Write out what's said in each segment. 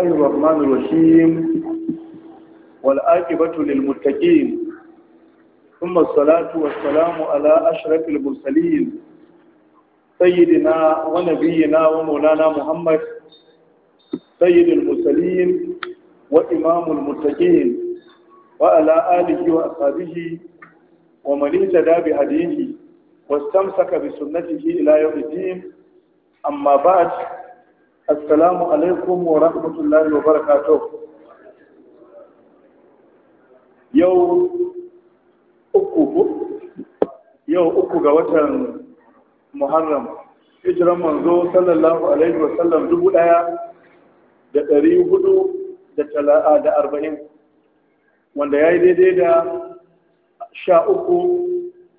الله الرحمن الرحيم والآكبة للمتقين ثم الصلاة والسلام على أشرف المرسلين سيدنا ونبينا ومولانا محمد سيد المرسلين وإمام المتقين وعلى آله وأصحابه ومن اهتدى بهديه واستمسك بسنته إلى يوم الدين أما بعد assalamu alaikum wa rahmatullahi wa barakato. yau uku yau uku ga watan muharram hijiran manzo sallallahu alaihi wa sallam dubu ɗaya da ɗari hudu da tala'a da arba'in wanda ya yi daidai da sha uku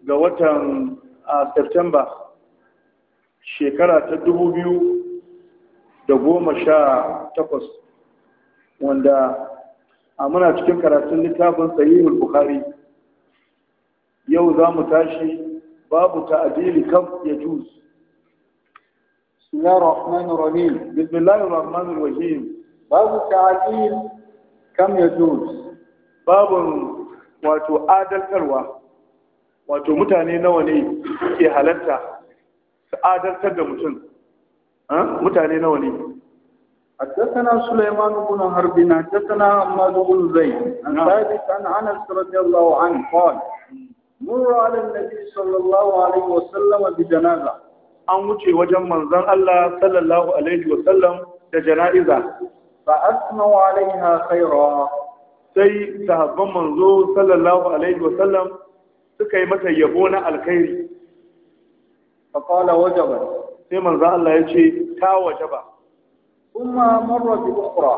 ga watan a september shekara ta dubu biyu da goma sha takwas wanda a muna cikin karatun littafin sahihul bukhari yau za mu tashi babu ta'adili kam ya juz bismillahir rahmanir rahim bismillahir rahmanir rahim babu ta'adil kam ya juz babu wato adaltarwa wato mutane nawa ne ke halatta su adaltar da mutum mutane nawa ne حدثنا سليمان بن حرب حدثنا حماد بن زيد عن ثابت عن انس رضي الله عنه قال مر على النبي صلى الله عليه وسلم بجنازه an wuce wajen manzon Allah sallallahu alaihi wasallam da jana'iza fa asma'u alaiha khaira sai sahabban manzo sallallahu alaihi wasallam suka yi mata yabo na alkhairi fa qala wajabat sai manzo Allah ya ce ta waje ba kuma marra bi ukhra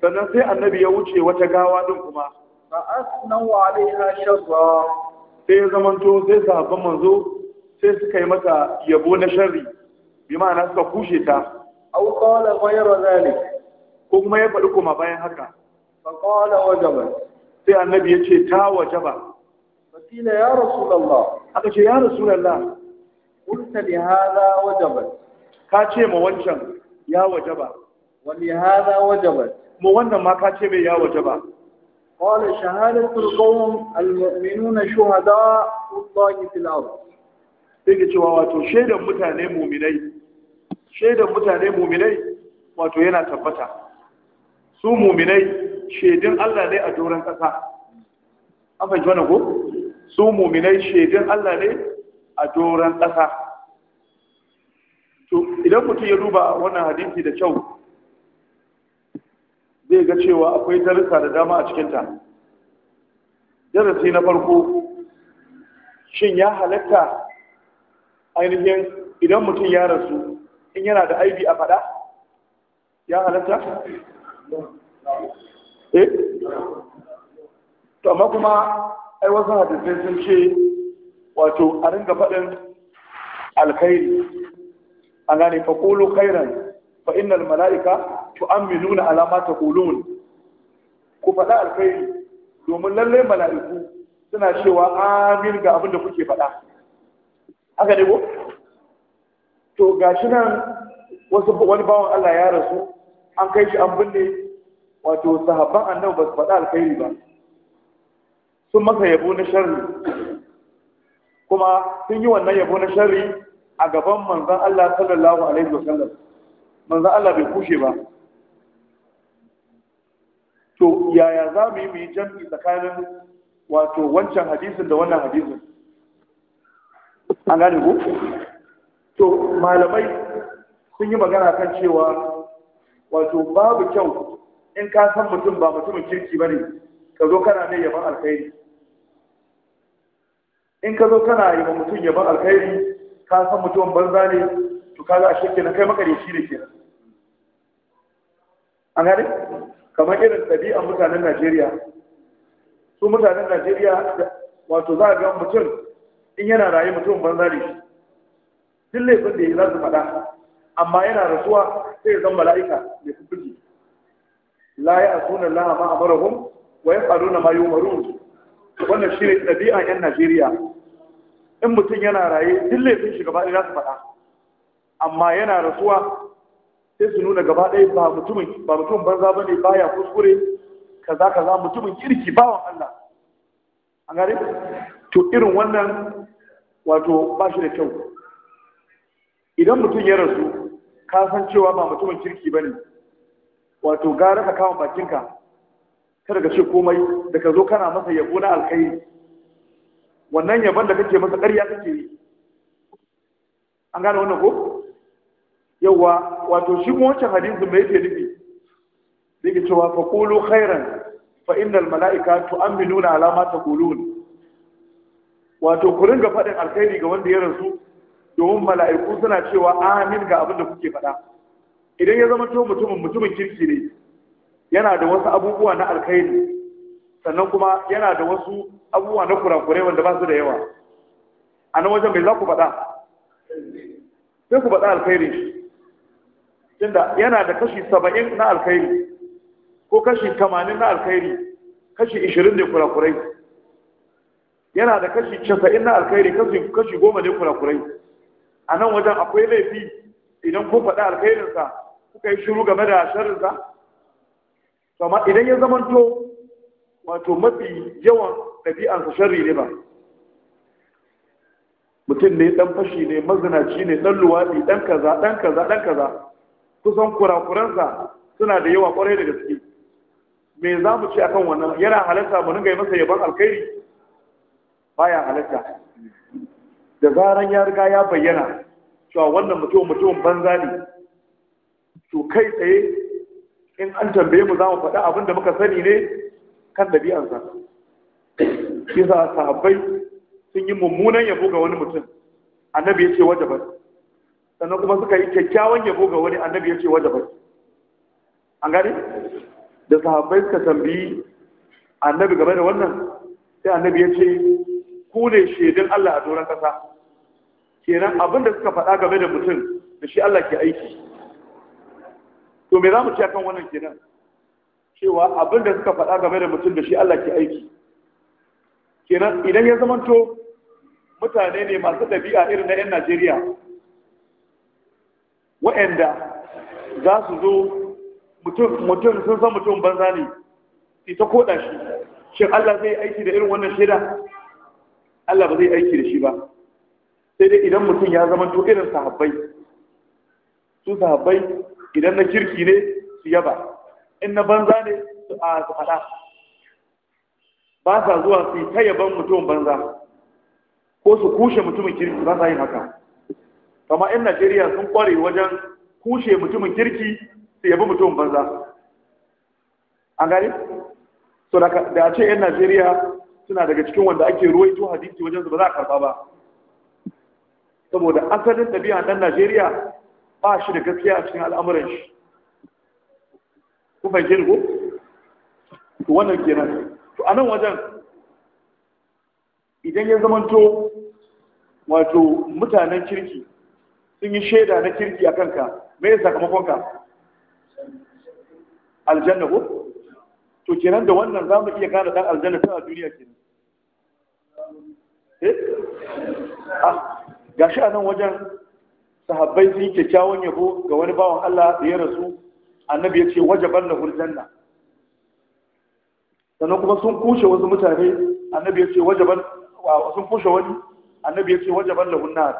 sannan sai annabi ya wuce wata gawa din kuma fa asnau alaiha sharra sai ya to sai sahabban manzo sai suka yi mata yabo na sharri bi ma'ana suka kushe ta aw qala ghayra zalik ko kuma ya faɗi kuma bayan haka fa qala wajaba sai annabi ya ce ta wajaba fa kila ya rasulullah aka ce ya rasulullah قلت لهذا ka ce ma wancan ya wajaba wa li wannan ma ka ce mai ya wajaba sai cewa wato shaidan mutane mu'minai shaidan mutane mu'minai wato yana tabbata su mu'minai shaidin Allah ne a doron kasa an fahimci wannan ko su mu'minai shaidin Allah ne a doron ƙasa to idan mutum ya duba wannan hadisi da kyau zai ga cewa akwai darussa da dama a cikinta darasi na farko shin ya halatta ainihin idan mutum ya rasu in yana da aibi a fada ya halatta? eh? to amma kuma ai wasu hadisai sun ce wato a ringa faɗin alkhairi a gane fa qulu khairan fa an malaika nuna alama ta taqulun ku faɗa alkhairi domin lalle mala'iku suna cewa amin ga abin da kuke faɗa haka ne ko to gashi nan wasu wani bawan Allah ya rasu an kai shi an binne wato sahabban annabi ba su faɗa alkhairi ba sun masa yabo na sharri kuma sun yi wannan yabo na shari a gaban manzon Allah sallallahu alaihi wasallam manzon Allah bai kushe ba to yaya za mu yi mu yi jami'i tsakanin wato wancan hadisin da wannan hadisin an gane ku to malamai sun yi magana kan cewa wato babu kyau in ka san mutum ba mutumin kirki ba ne ka zo kana mai yaban alkhairi in ka zo kana yi wa mutum yaban alkhairi ka san mutumin banza ne to kaga a shekke kai shi da ke. an gane kamar irin ɗabi'an mutanen Najeriya su mutanen Najeriya wato za a ga mutum in yana rayu mutum banza ne shi duk laifin da ya za su faɗa amma yana rasuwa sai ya zan mala'ika mai fuffuki la ya asuna la ma amarahum wa yaf'aluna ma yumarun wannan shi ne ɗabi'an 'yan Najeriya in mutum yana raye duk laifin shi gaba ɗaya za su faɗa amma yana rasuwa sai su nuna gaba ɗaya ba mutumin ba mutum banza ba ne baya kuskure kaza kaza mutumin kirki bawan Allah an gare to irin wannan wato ba shi da kyau idan mutum ya rasu ka san cewa ba mutumin kirki ba ne wato gara ka kama bakinka kada ka ce komai da ka zo kana masa yabo na alkhairi wannan yaban da kake masa ƙarya kake yi an gane wannan ko yawa wato shi kuma wancan hadisin mai yake nufi yake cewa fa qulu khairan fa innal malaika tu'minuna ala ma taqulun wato ku ringa faɗin alkhairi ga wanda ya rasu domin mala'iku suna cewa amin ga abin da kuke faɗa idan ya zama to mutumin mutumin kirki ne yana da wasu abubuwa na alkhairi sannan kuma yana da wasu abubuwa na kurakurai wanda ba su da yawa a nan wajen mai za ku faɗa sai ku faɗa alkhairi Inda tunda yana da kashi saba'in na alkhairi ko kashi tamanin na alkhairi kashi ishirin ne kurakurai yana da kashi casa'in na alkhairi kashi goma ne kurakurai a nan wajen akwai laifi idan kun faɗa alkhairinsa kuka yi shiru game da sharrinsa amma idan ya zamanto wato mafi yawan ɗabi'ansa shari ne ba mutum ne ɗan fashi ne mazinaci ne ɗan luwaɗi ɗan kaza ɗan kaza ɗan kaza kusan kurakuransa suna da yawa ƙwarai da gaske me za mu ce akan wannan yana halatta mu ringa yi masa yaban alkhairi baya halatta da zaran ya riga ya bayyana cewa wannan mutum mutum banza ne to kai tsaye in an tambaye mu za mu faɗi abin da muka sani ne kan ɗabi'ansa. shi sa sahabbai sun yi mummunan yabo ga wani mutum annabi ya ce wajaba sannan kuma suka yi kyakkyawan yabo ga wani annabi ya ce wajaba an gane da sahabbai suka tambayi annabi game da wannan sai annabi ya ce ku ne shaidun Allah a doron ƙasa kenan abin da suka faɗa game da mutum da shi Allah ke aiki to me za mu ci akan wannan kenan cewa abin da suka faɗa game da mutum da shi Allah ke aiki kenan idan ya zamanto mutane ne masu ɗabi'a irin na 'yan Najeriya wa'anda za su zo mutum sun san mutum banza ne sai ta koɗa shi shin Allah zai aiki da irin wannan shaida Allah ba zai aiki da shi ba sai dai idan mutum ya zamanto irin sahabbai su sahabbai idan na kirki ne su yaba in na banza ne su a su faɗa ba sa zuwa su yi tayyaban mutumin banza ko su kushe mutumin kirki ba sa yin haka kama in najeriya sun kware wajen kushe mutumin kirki su yabi mutumin banza an gane so da a ce yan najeriya suna daga cikin wanda ake ruwaito hadisi wajen su ba za a karba ba saboda asalin ɗabi'a ɗan najeriya ba shi da gaskiya a cikin al'amuran shi ku fahimce ni ko to wannan kenan to anan wajen idan ya zamanto wato mutanen kirki sun yi shaida na kirki a kanka me ya ka. aljanna ko to kenan da wannan za mu iya gane dan aljanna ta duniya kenan eh ah gashi anan wajen sahabbai sun yi kyakkyawan yabo ga wani bawan Allah da ya rasu annabi ya ce wajaban na hurjanna sannan kuma sun kushe wasu mutane annabi ya ce wajaban sun kushe wani annabi ya ce wajaban na hunnar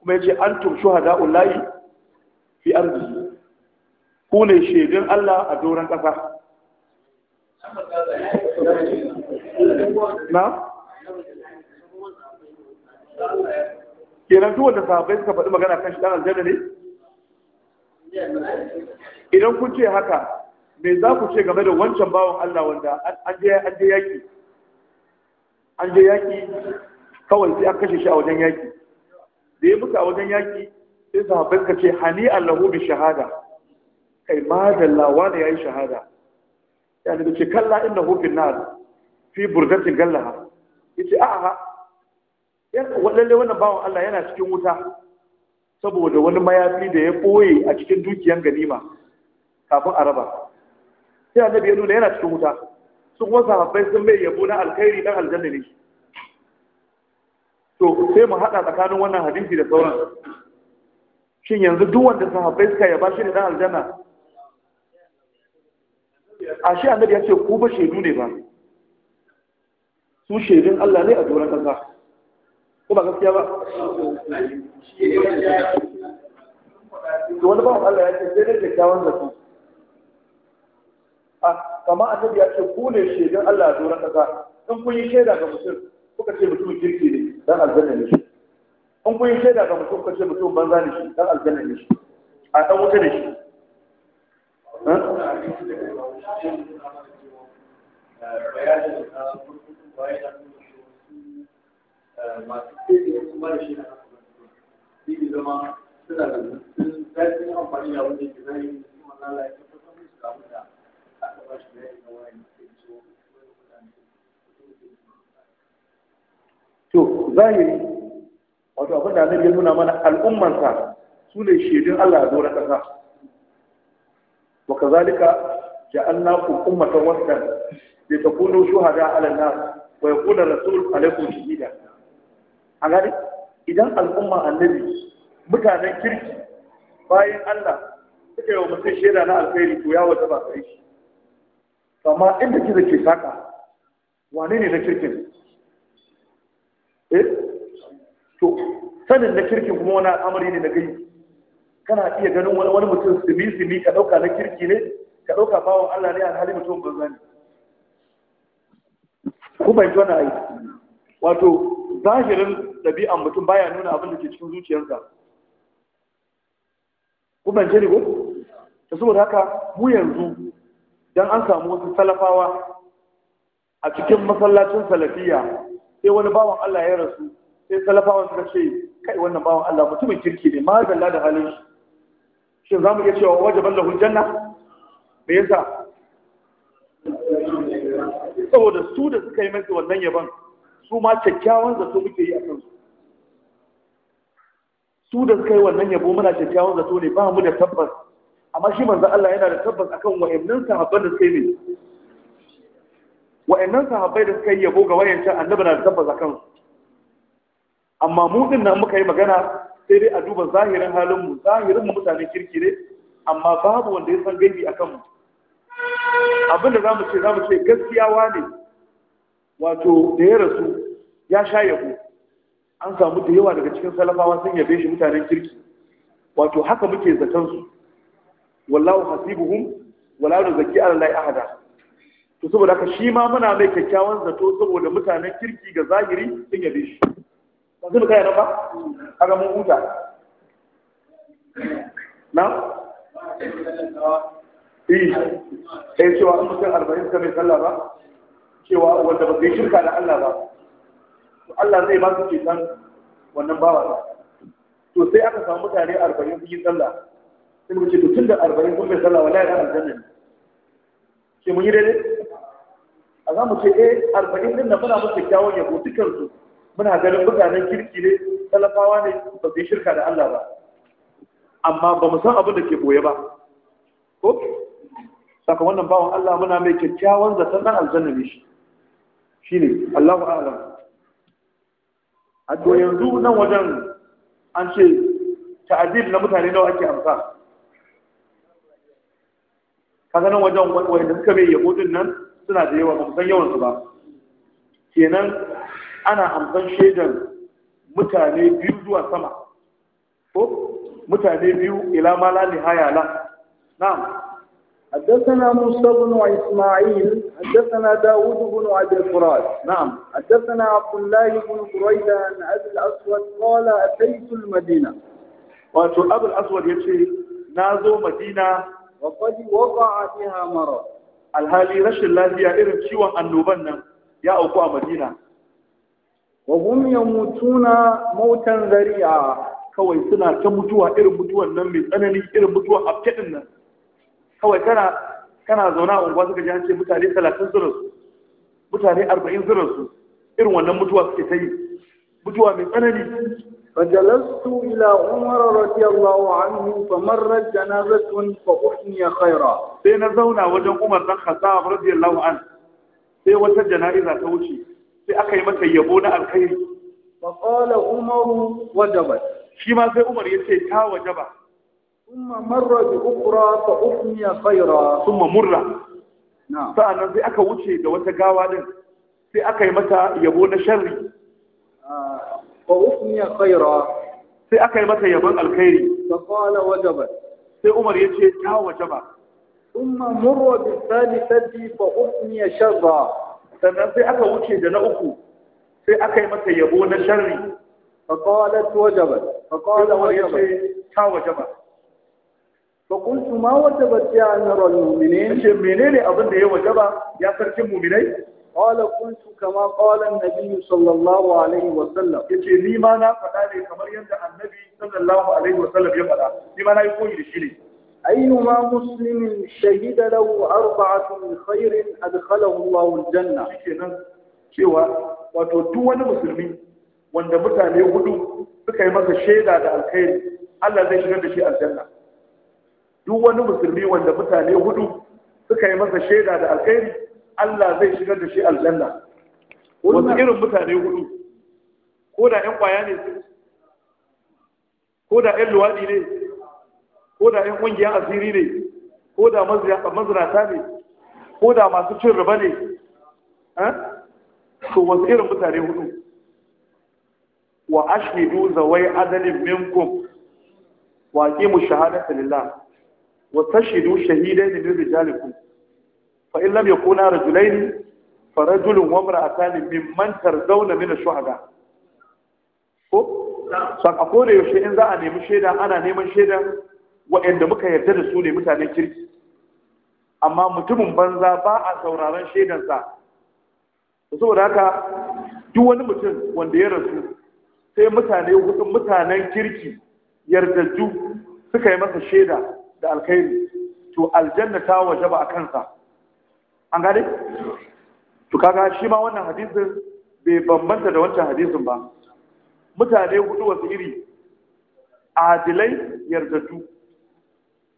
kuma ya ce an tum shuhada ullahi fi arziki ku ne shaidun Allah a doron ƙasa na? kenan duk wanda sahabbai suka faɗi magana kan shi ɗan aljanna ne? idan kun ce haka me za ku ce game da wancan bawan Allah wanda an je yaki an je yaki kawai sai an kashe shi a wajen yaki da ya mutu a wajen yaki sai sahabbai ka ce hani Allahu bi shahada kai madalla ya yayi shahada ya ne ce kalla innahu fi nar fi burdatin gallaha yace a'a yan wallahi wannan bawan Allah yana cikin wuta saboda wani mayafi da ya ɓoye a cikin dukiyan ganima kafin a raba sai annabi ya nuna yana cikin wuta sun wasa habbai sun mai yabo na alkhairi dan aljanna ne to sai mu haɗa tsakanin wannan hadisi da sauran shin yanzu duk wanda sahabbai suka yaba shi ne dan aljanna a shi annabi ya ce ku ba shaidu ne ba su shaidun Allah ne a doron ƙasa ko ba gaskiya ba wani bawan Allah ya ce sai dai kyakkyawan zato a ah, kama annabi ya ce ku ne shaidan Allah a doron ƙasa in kun yi shaida ga mutum kuka ce mutum kirki ne dan aljanna ne shi in kun yi shaida ga mutum kuka ce mutum banza ne shi dan aljanna ne shi a ɗan wuta ne shi bayanin masu tsaye kuma da shi na zai zama suna da sun zafin amfani da wanda ke zai yi kuma lala ya tabbatar musu da abin da aka ba shi bayani na wani ke ciwo to zahiri wato abin da annabi ya nuna mana al'ummansa su ne shaidun Allah a doron ƙasa wa kazalika ja'alnakum ummatan wasatan litakunu shuhada 'ala an-nas wa yakuna rasul 'alaykum shahida a gani idan al'umma annabi mutanen kirki bayan Allah suka yi wa mutum shaida na alkhairi to ya wata ba kai shi amma inda kiza ke saka wane ne na kirkin eh to sanin na kirkin kuma wani al'amari ne na gani kana iya ganin wani mutum sumi sumi ka dauka na kirki ne ka dauka bawon Allah ne alhali mutum banza ne ku bai tona ai wato zahirin ɗabi'an mutum baya nuna abin da ke cikin zuciyarsa ku ban ce ne ko saboda haka mu yanzu don an samu wasu salafawa a cikin masallacin salafiya sai wani bawan Allah ya rasu sai salafawa suka ce kai wannan bawan Allah mutumin kirki ne magalla da halin shi shin za mu iya cewa ban lahun janna me yasa saboda su da suka yi masa wannan yaban su ma kyakkyawan zato muke yi a kansu su da suka yi wannan yabo muna kyakkyawan zato ne ba mu da tabbas amma shi manzo Allah yana da tabbas akan wa'annan sahabban da sai ne wa'annan sahabbai da suka yi yabo ga wayancin, annabi na da tabbas akan su amma mu din nan muka yi magana sai dai a duba zahirin halin mu zahirin mu mutanen kirki ne amma babu wanda ya san gaibi akan mu abinda da zamu ce zamu ce gaskiyawa ne wato da ya rasu ya sha yabo an samu da yawa daga cikin salafawa sun yabe shi mutanen kirki wato haka muke zaton su wallahu hasibuhum wala nuzakki ala lahi ahada to saboda haka shi ma muna mai kyakkyawan zato saboda mutanen kirki ga zahiri sun yabe shi ba su kai na ba kaga mun huta na eh eh cewa an mutum 40 ka mai sallah ba cewa wanda ba kai shirka da Allah ba Allah zai ba su san wannan bawa ba? to sai aka samu mutane arba'in su yi sallah sai mu ce to tun da arba'in kun bai sallah wallahi ran aljanna ne ke mun yi daidai a za mu ce eh arba'in din da muna musu kyakkyawan yabo su muna ganin mutanen kirki ne talafawa ne ba su yi shirka da Allah ba amma ba mu san abin da ke boye ba ko saka wannan bawan Allah muna mai kyakkyawan zaton ɗan aljanna ne shi ne, Allahu a'lam a to yanzu nan wajen an ce ta'adil na mutane nawa ake amsa kaga nan wajen wani wanda suka bai yabo nan suna da yawa ba san yawan su ba kenan ana amsan shaidan mutane biyu zuwa sama ko mutane biyu ila ma la nihaya la na'am حدثنا موسى بن إسماعيل حدثنا داود بن أبي الفرات نعم حدثنا عبد الله بن بريدة عن أبي الأسود قال أتيت المدينة وأتو أبي الأسود يمشي نازو مدينة وقد وقع بها مرض الهالي رش الله يا إرم شوى النوبنا يا أبو مدينة وهم يموتون موتا ذريعا kawai suna ta mutuwa irin mutuwan nan mai tsanani irin mutuwan afkadin nan kawai kana zauna a unguwa suka ji an ce mutane talatin zurin su mutane arba'in zurin su irin wannan mutuwa suke ta yi mutuwa mai tsanani فجلست إلى عمر رضي الله عنه فمرت جنازة فأحني خيرا سينا زونا وجن عمر بن الخطاب رضي الله عنه سي وتا جنائزة توشي سي أكي متى يبونا الخير فقال عمر وجبت شي ما عمر يسي تا وجبت Umma marra bi ukhra fa ukhmiya khayra thumma murra sa'annan sai aka wuce da wata gawa din sai aka yi mata yabo na sharri fa ukhmiya khayra sai aka yi mata yabon alkhairi fa qala wajabat sai Umar yace ta wajaba thumma murra bi thalithati fa ukhmiya sharra sannan sai aka wuce da na uku sai aka yi mata yabo na sharri fa qalat wajabat fa qala wajabat ta wajaba فقلت ما وجبت يا أمير المؤمنين أشي منين أبن دي وجبة يا سرك المؤمنين قال قلت كما قال النبي صلى الله عليه وسلم يجي لي ما أنا فداني كما يندع النبي صلى الله عليه وسلم يفعل لي ما أنا يقول لشيلي أيما مسلم شهد له أربعة من خير أدخله الله الجنة cewa wato duk wani musulmi wanda mutane hudu suka yi masa shaida da alkhairi Allah zai shigar da shi aljanna duk wani musulmi wanda mutane hudu suka yi masa shaida da alkhairi Allah zai shigar da shi aljanna wasu irin mutane hudu ko da ƴan kwaya ne su ko da ƴan luwaɗi ne ko da ƴan ƙungiyar asiri ne ko da mazinata ne ko da masu cin riba ne eh? to wasu irin mutane hudu wa ashidu zawai adalin minkum wa aqimu shahadata lillah وتشهدوا شهيدين من رجالكم فإن لم يكونا رجلين فرجل وامرأتان ممن ترضون من الشهداء ko san ako kore yaushe in za a nemi shaida ana neman shaida waɗanda muka yarda da su ne mutanen kirki amma mutumin banza ba a sauraron shaidansa saboda haka duk wani mutum wanda ya rasu sai mutane hudun mutanen kirki yardaju suka yi masa shaida da alkhairi to aljanna ta wajaba a kansa an gane to kaga shi ma wannan hadisin bai bambanta da wancan hadisin ba mutane hudu wasu iri adilai yardatu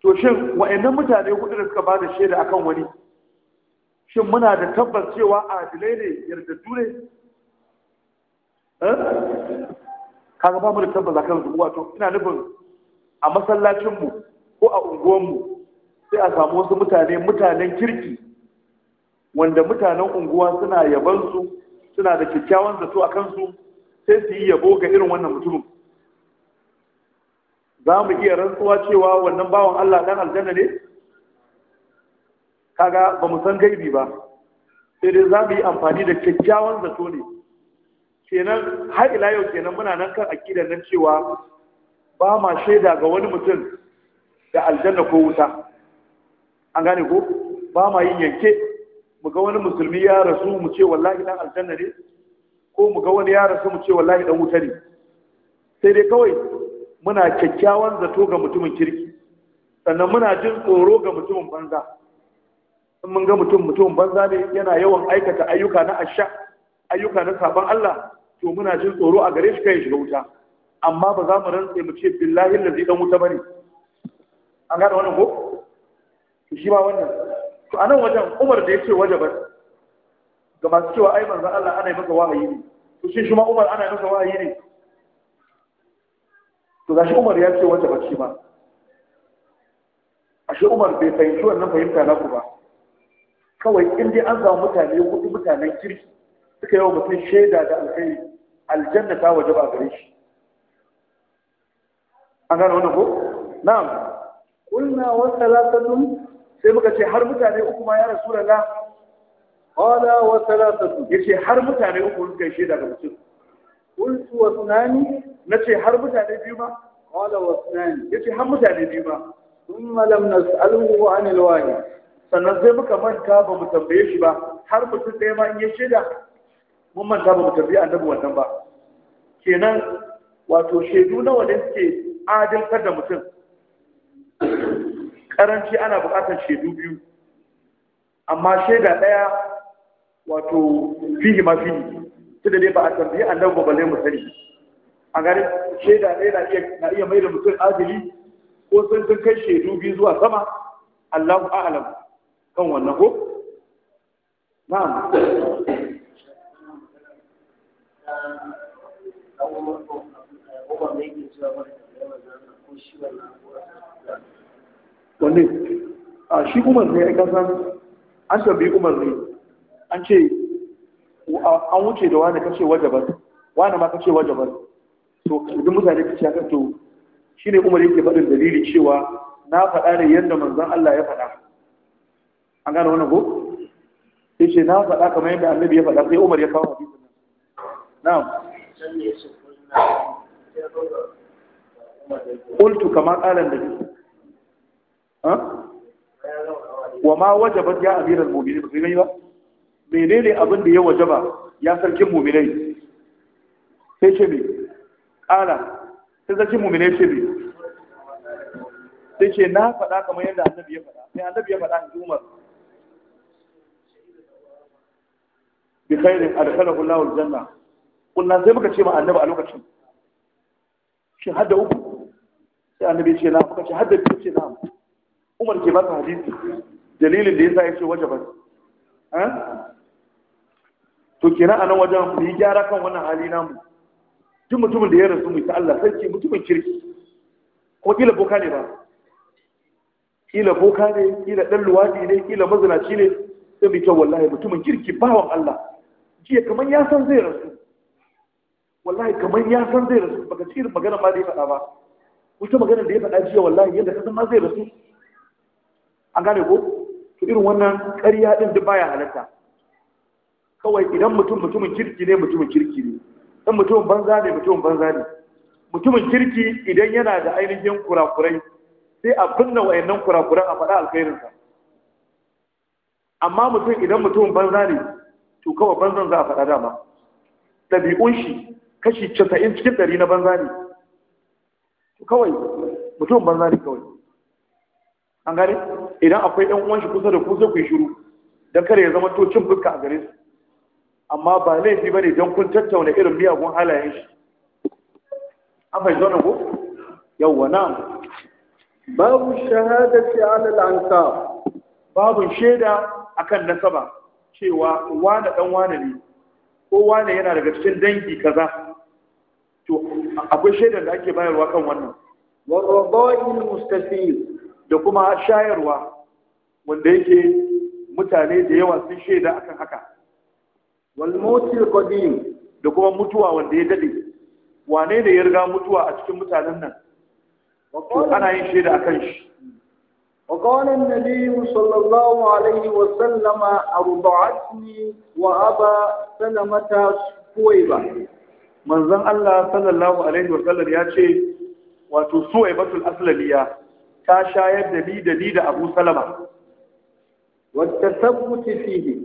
to shin wa'annan mutane hudu da suka bada shaida akan wani shin muna da tabbas cewa adilai ne yardatu ne eh? kaga ba mu da tabbas akan su wato ina nufin a masallacin mu ko a unguwanmu sai a samu wasu mutane mutanen kirki wanda mutanen unguwa suna yabansu suna da kyakkyawan zato a kansu sai su yi yabo ga irin wannan mutumin za mu iya rantsuwa cewa wannan bawan Allah dan aljanna ne kaga ba mu san gaibi ba sai dai za mu yi amfani da kyakkyawan zato ne kenan har ila yau kenan muna nan kan akidar nan cewa ba ma shaida ga wani mutum da aljanna ko wuta an gane ko ba ma yin yanke mu ga wani musulmi ya rasu mu ce wallahi dan aljanna ne ko mu ga wani ya rasu mu ce wallahi dan wuta ne sai dai kawai muna kyakkyawan zato ga mutumin kirki sannan muna jin tsoro ga mutumin banza in mun ga mutum mutumin banza ne yana yawan aikata ayyuka na asha ayyuka na sabon Allah to muna jin tsoro a gare shi kai shiga wuta amma ba za mu rantse mu ce billahi lazi dan wuta bane an gane wannan ko to shi ma wannan to a nan wajen umar da ya ce waje ba ga masu cewa ai manzan Allah ana yi masa wahayi ne to shi shi ma umar ana yi masa wahayi ne to gashi umar ya ce waje ba shi ma ashe umar bai fahimci wannan fahimta na ku ba kawai in dai an zama mutane hudu mutanen kirki suka yi wa mutum shaida da alkhairi aljanna ta waje ba gare shi an gane wannan ko na'am kulna wa salatatun sai muka ce har mutane uku ma ya rasulullah qala wa salatatun yace har mutane uku yi shaida ga mutum qultu wa sunani nace har mutane biyu ma qala wa sunani yace har mutane biyu ma thumma lam nas'aluhu an alwahid sannan sai muka manta ba mu tambaye shi ba har mutum ɗaya ma in yi shaida mun manta ba mu tambaye annabi wannan ba kenan wato shaidu nawa ne suke adalkar da mutum karanci ana bukatar shaidu biyu amma shaida daya wato fihi ma fihi tunda dai ba a tambayi annabi ba balle musali a gani shaida ɗaya na iya na iya mai da mutum adili ko sun sun kai shaidu biyu zuwa sama Allahu a'lam kan wannan ko na'am Thank you. wanne a shi umar ne ya kasan an tambayi umar ne an ce an wuce da wani kashe wajabar wani ma kashe wajabar to idan mutane kace haka to ne umar yake faɗin dalili cewa na faɗa ne yadda manzan Allah ya faɗa an gane wannan ko ce na faɗa kamar yadda annabi ya faɗa sai umar ya kawo hadisin na'am qultu kama qala annabi wa ma wajabat ya amiral mu'minin ba gani ba menene abin da ya wajaba ya sarkin mu'minai sai ce me ala sai sarkin mu'minai ce me sai ce na faɗa kamar yadda annabi ya faɗa sai annabi ya faɗa in umar bi khairin adkhalahu Allahu aljanna kullu sai muka ce ma annabi a lokacin shin hadda uku sai annabi ya ce na muka ce hadda biyu ce na umar ke ba su hadisi dalilin da ya sa ya ce waje ba to kenan a nan wajen mu yi gyara kan wannan hali namu duk mutumin da ya rasu mu ta Allah sarki mutumin kirki ko kila boka ne ba kila boka ne kila dan luwadi ne kila mazinaci ne sai mu ta wallahi mutumin kirki bawan Allah jiya kamar ya san zai rasu wallahi kamar ya san zai rasu baka ci magana ma da ya faɗa ba wata magana da ya faɗa jiya wallahi yadda ka san ma zai rasu an gane ko to irin wannan ƙarya din duk baya halatta kawai idan mutum mutumin kirki ne mutumin kirki ne dan mutumin banza ne mutumin banza ne mutumin kirki idan yana da ainihin kurakurai sai a kunna wayannan kurakuran a faɗa alkhairinsa amma mutum idan mutumin banza ne to kawai banzan za a faɗa dama ɗabi'un shi kashi casa'in cikin ɗari na banza ne kawai mutumin banza ne kawai an gane idan akwai ɗan uwan shi kusa da ku sai ku yi shiru dan kare ya zama to cin fuska a gare su amma ba laifi ba ne don kun tattauna irin miyagun halayen shi an fahimta wannan ko yawwa na babu shahadati alal ansab babu shaida akan nasaba cewa wani dan wani ne ko wani yana daga cikin dangi kaza to akwai shaidar da ake bayarwa kan wannan wa warradai mustafil da kuma shayarwa wanda yake mutane da yawa sun shaida akan haka wal mautil qadim da kuma mutuwa wanda ya dade wane ne ya riga mutuwa a cikin mutanen nan ana yin shaida akan shi وقال النبي صلى الله عليه وسلم أرضعتني وأبا سلمة سويبة من ذن الله صلى الله عليه وسلم يا شيء وتسويبة الأسلمية ta shayar da ni da ni da Abu Salama wadda tabbuti fihi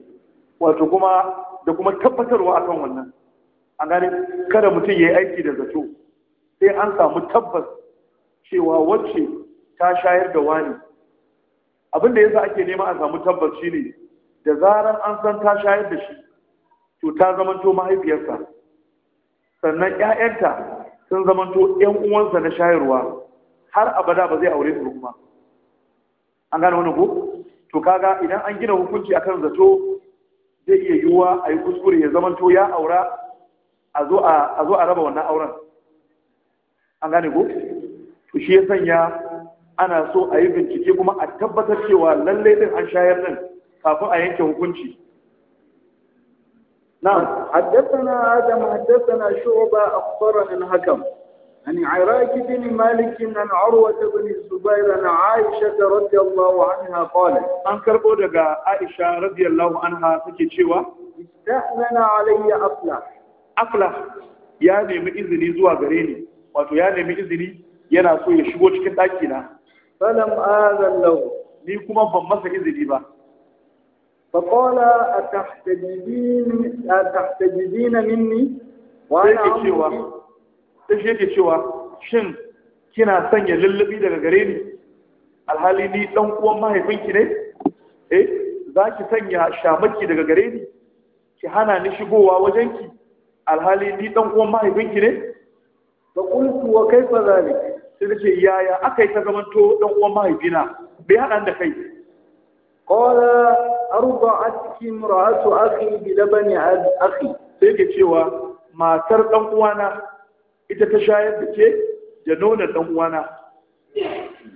wato kuma da kuma tabbatarwa akan wannan an gane kada mutum ya yi aiki da zato sai an samu tabbas cewa wacce ta shayar da wani abin da yasa ake nema a samu tabbas shine da zarar an san ta shayar da shi to ta zamanto mahaifiyarsa sannan 'ya'yanta sun zamanto 'yan uwansa na shayarwa har abada ba zai aure su kuma an gane wani ko to kaga idan an gina hukunci akan zato zai iya yiwuwa a yi kuskure ya zamanto ya aura a zo a raba wannan auren an gane ko to shi ya sanya ana so a yi bincike kuma a tabbatar cewa lalle din an shayar din kafin a yanke hukunci نعم حدثنا آدم حدثنا شعبة أخبرنا الحكم عن عراك بن مالك عن عروة بن الزبير عن عائشة رضي الله عنها قالت أن كربو عائشة رضي الله عنها تكي شوى استأمن علي أفلح أفلح يعني نمي إذني زوى غريني wato ya nemi izini yana so ya shigo cikin ɗaki na falam azan lahu ni kuma ban masa izini ba fa qala atahtajibin minni wa ana cewa sai shi yake cewa shin kina sanya lullubi daga gare ni alhali ni dan uwan mahaifinki ne eh za ki sanya shamaki daga gare ni ki hana ni shigowa wajenki alhali ni dan uwan mahaifinki ne fa qultu wa kaifa zalik sai nace yaya akai ta zamanto dan uwan mahaifina bai hada da kai qala atki imra'atu akhi bi labani akhi sai ke cewa matar dan uwana ita ta shayar da ke da nonon dan uwana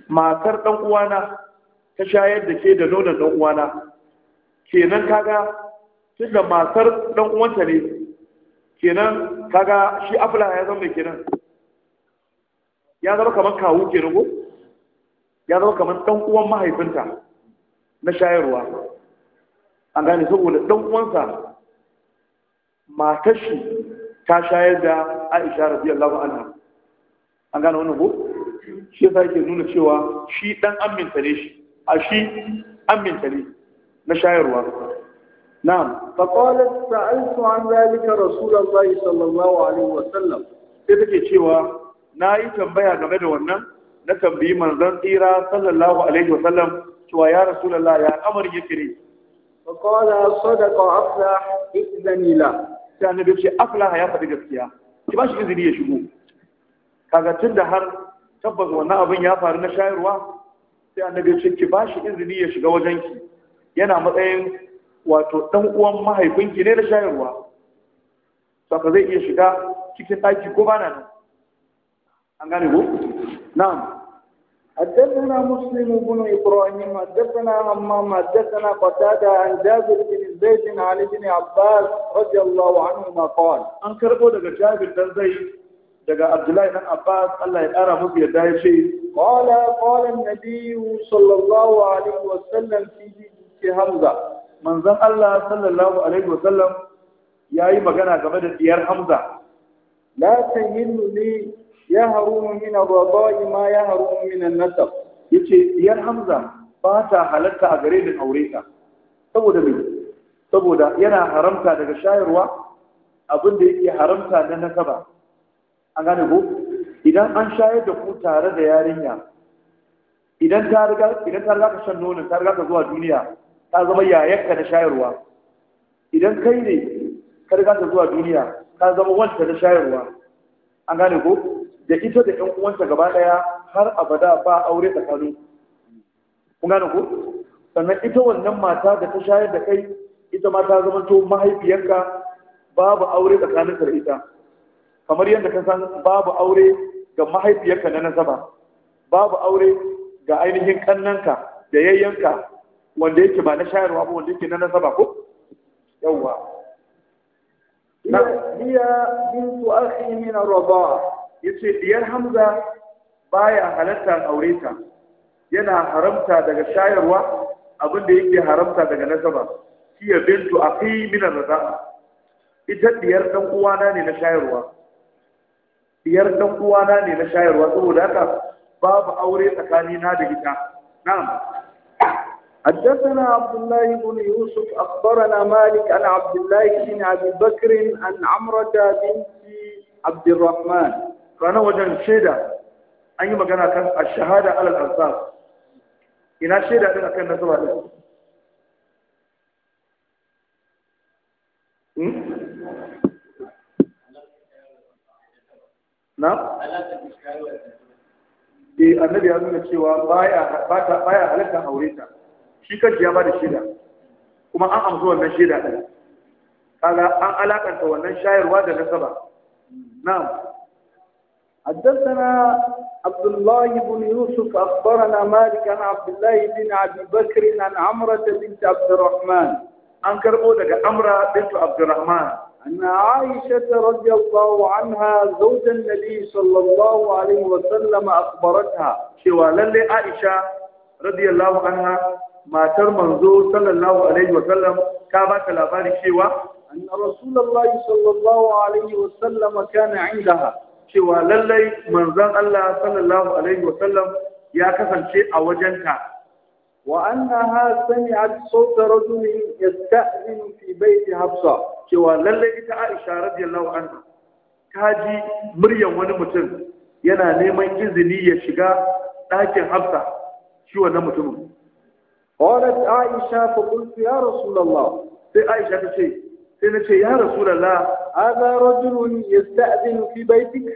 matar dan uwana ta shayar da ke da nonon dan uwana kenan kaga da matar dan uwanta ne kenan kaga shi afla ya zama kenan ya zama kamar kawu kenan ko ya zama kamar dan uwan mahaifinta na shayarwa an gane saboda dan uwansa matar shi ta shayar da Aisha radiyallahu anha an gane wannan ko shi yasa yake nuna cewa shi dan aminta ne shi a shi aminta ne na shayarwa na'am fa qalat sa'altu an zalika rasulullahi sallallahu alaihi wa sallam sai take cewa na yi tambaya game da wannan na tambayi manzon tsira sallallahu alaihi wa sallam cewa ya rasulullah ya amar yake ne fa qala sadaqa aflah idhani sai annabi ce aflaha ya faɗi gaskiya ki ba shi izini ya shigo kaga tun da har tabbas wannan abin ya faru na shayarwa sai annabi ce ki ba shi izini ya shiga wajen ki yana matsayin wato dan uwan mahaifinki ne na shayarwa saka zai iya shiga cikin ɗaki ko na nan an gane ko na'am حدثنا مسلم بن ابراهيم حدثنا همام حدثنا قتاده عن جابر بن زيد عن ابن عباس رضي الله عنهما قال ان كربو daga Jabir dan Zaid daga Abdullahi dan Abbas Allah ya kara muku yadda ya ce qala qala an-nabi sallallahu alaihi wa sallam fi Hamza manzon Allah sallallahu alaihi wa sallam yayi magana game da diyar Hamza la tahillu li ya harumu min ar-rada'i ma ya harumu mina an-nasab yace 'yar Hamza ba ta halatta a gare da aure ta saboda me saboda yana haramta daga shayarwa abin da yake haramta na nasaba an gane ko idan an shayar da ku tare da yarinya idan ta riga idan ta riga ka shan nonon ta riga ka zuwa duniya ta zama yayarka na shayarwa idan kai ne ka riga ka zuwa duniya ta zama wanta na shayarwa an gane ko da ita da ƴan uwanta gaba ɗaya har abada ba aure tsakanin kun gane ko sannan ita wannan mata da ta shayar da kai ita ma ta zama to mahaifiyarka babu aure tsakanin da ita kamar yadda ka san babu aure ga mahaifiyarka na nasaba babu aure ga ainihin kannanka da yayyanka wanda yake ba na shayarwa ba wanda yake na nasaba ko yawwa هي بنت أخي من الرضاعة yace diyar hamza baya halatta aure ta yana haramta daga shayarwa abin da yake haramta daga nasaba shi ya bintu akhi min ar-raza'a ita diyar dan uwana ne na shayarwa diyar dan uwana ne na shayarwa saboda haka babu aure tsakani na da ita na'am حدثنا عبد الله بن يوسف اخبرنا مالك عن عبد الله بن ابي بكر عن عمرة بنت عبد الرحمن ranar wajen shaida an yi magana kan a shahada alal ansar ina shaida din akan nasaba din hmm? na? e annabi ya nuna cewa baya halatta aure ta shi kanki ya ba da shaida kuma an amsa wannan shaida ɗin kaga an alakanta wannan shayarwa da nasaba na'am حدثنا عبد الله بن يوسف أخبرنا مالك عن عبد الله بن أبي بكر عن عمرة بنت عبد الرحمن عن كربولة عمرة بنت عبد الرحمن أن عائشة رضي الله عنها زوج النبي صلى الله عليه وسلم أخبرتها شوالا لعائشة رضي الله عنها ما ترمنزو صلى الله عليه وسلم كابت الأباري شوى أن رسول الله صلى الله عليه وسلم كان عندها cewa lallai manzon Allah sallallahu alaihi wa sallam ya kasance a wajenta wa annaha sami'at sawt rajulin yasta'zinu fi baiti Hafsa cewa lallai ita Aisha radiyallahu anha ta ji muryan wani mutum yana neman izini ya shiga ɗakin Hafsa shi wannan mutumin qalat Aisha fa qultu ya rasulullah sai Aisha ta ce sai na ce ya rasulullah hadha rajulun yasta'dinu fi baitik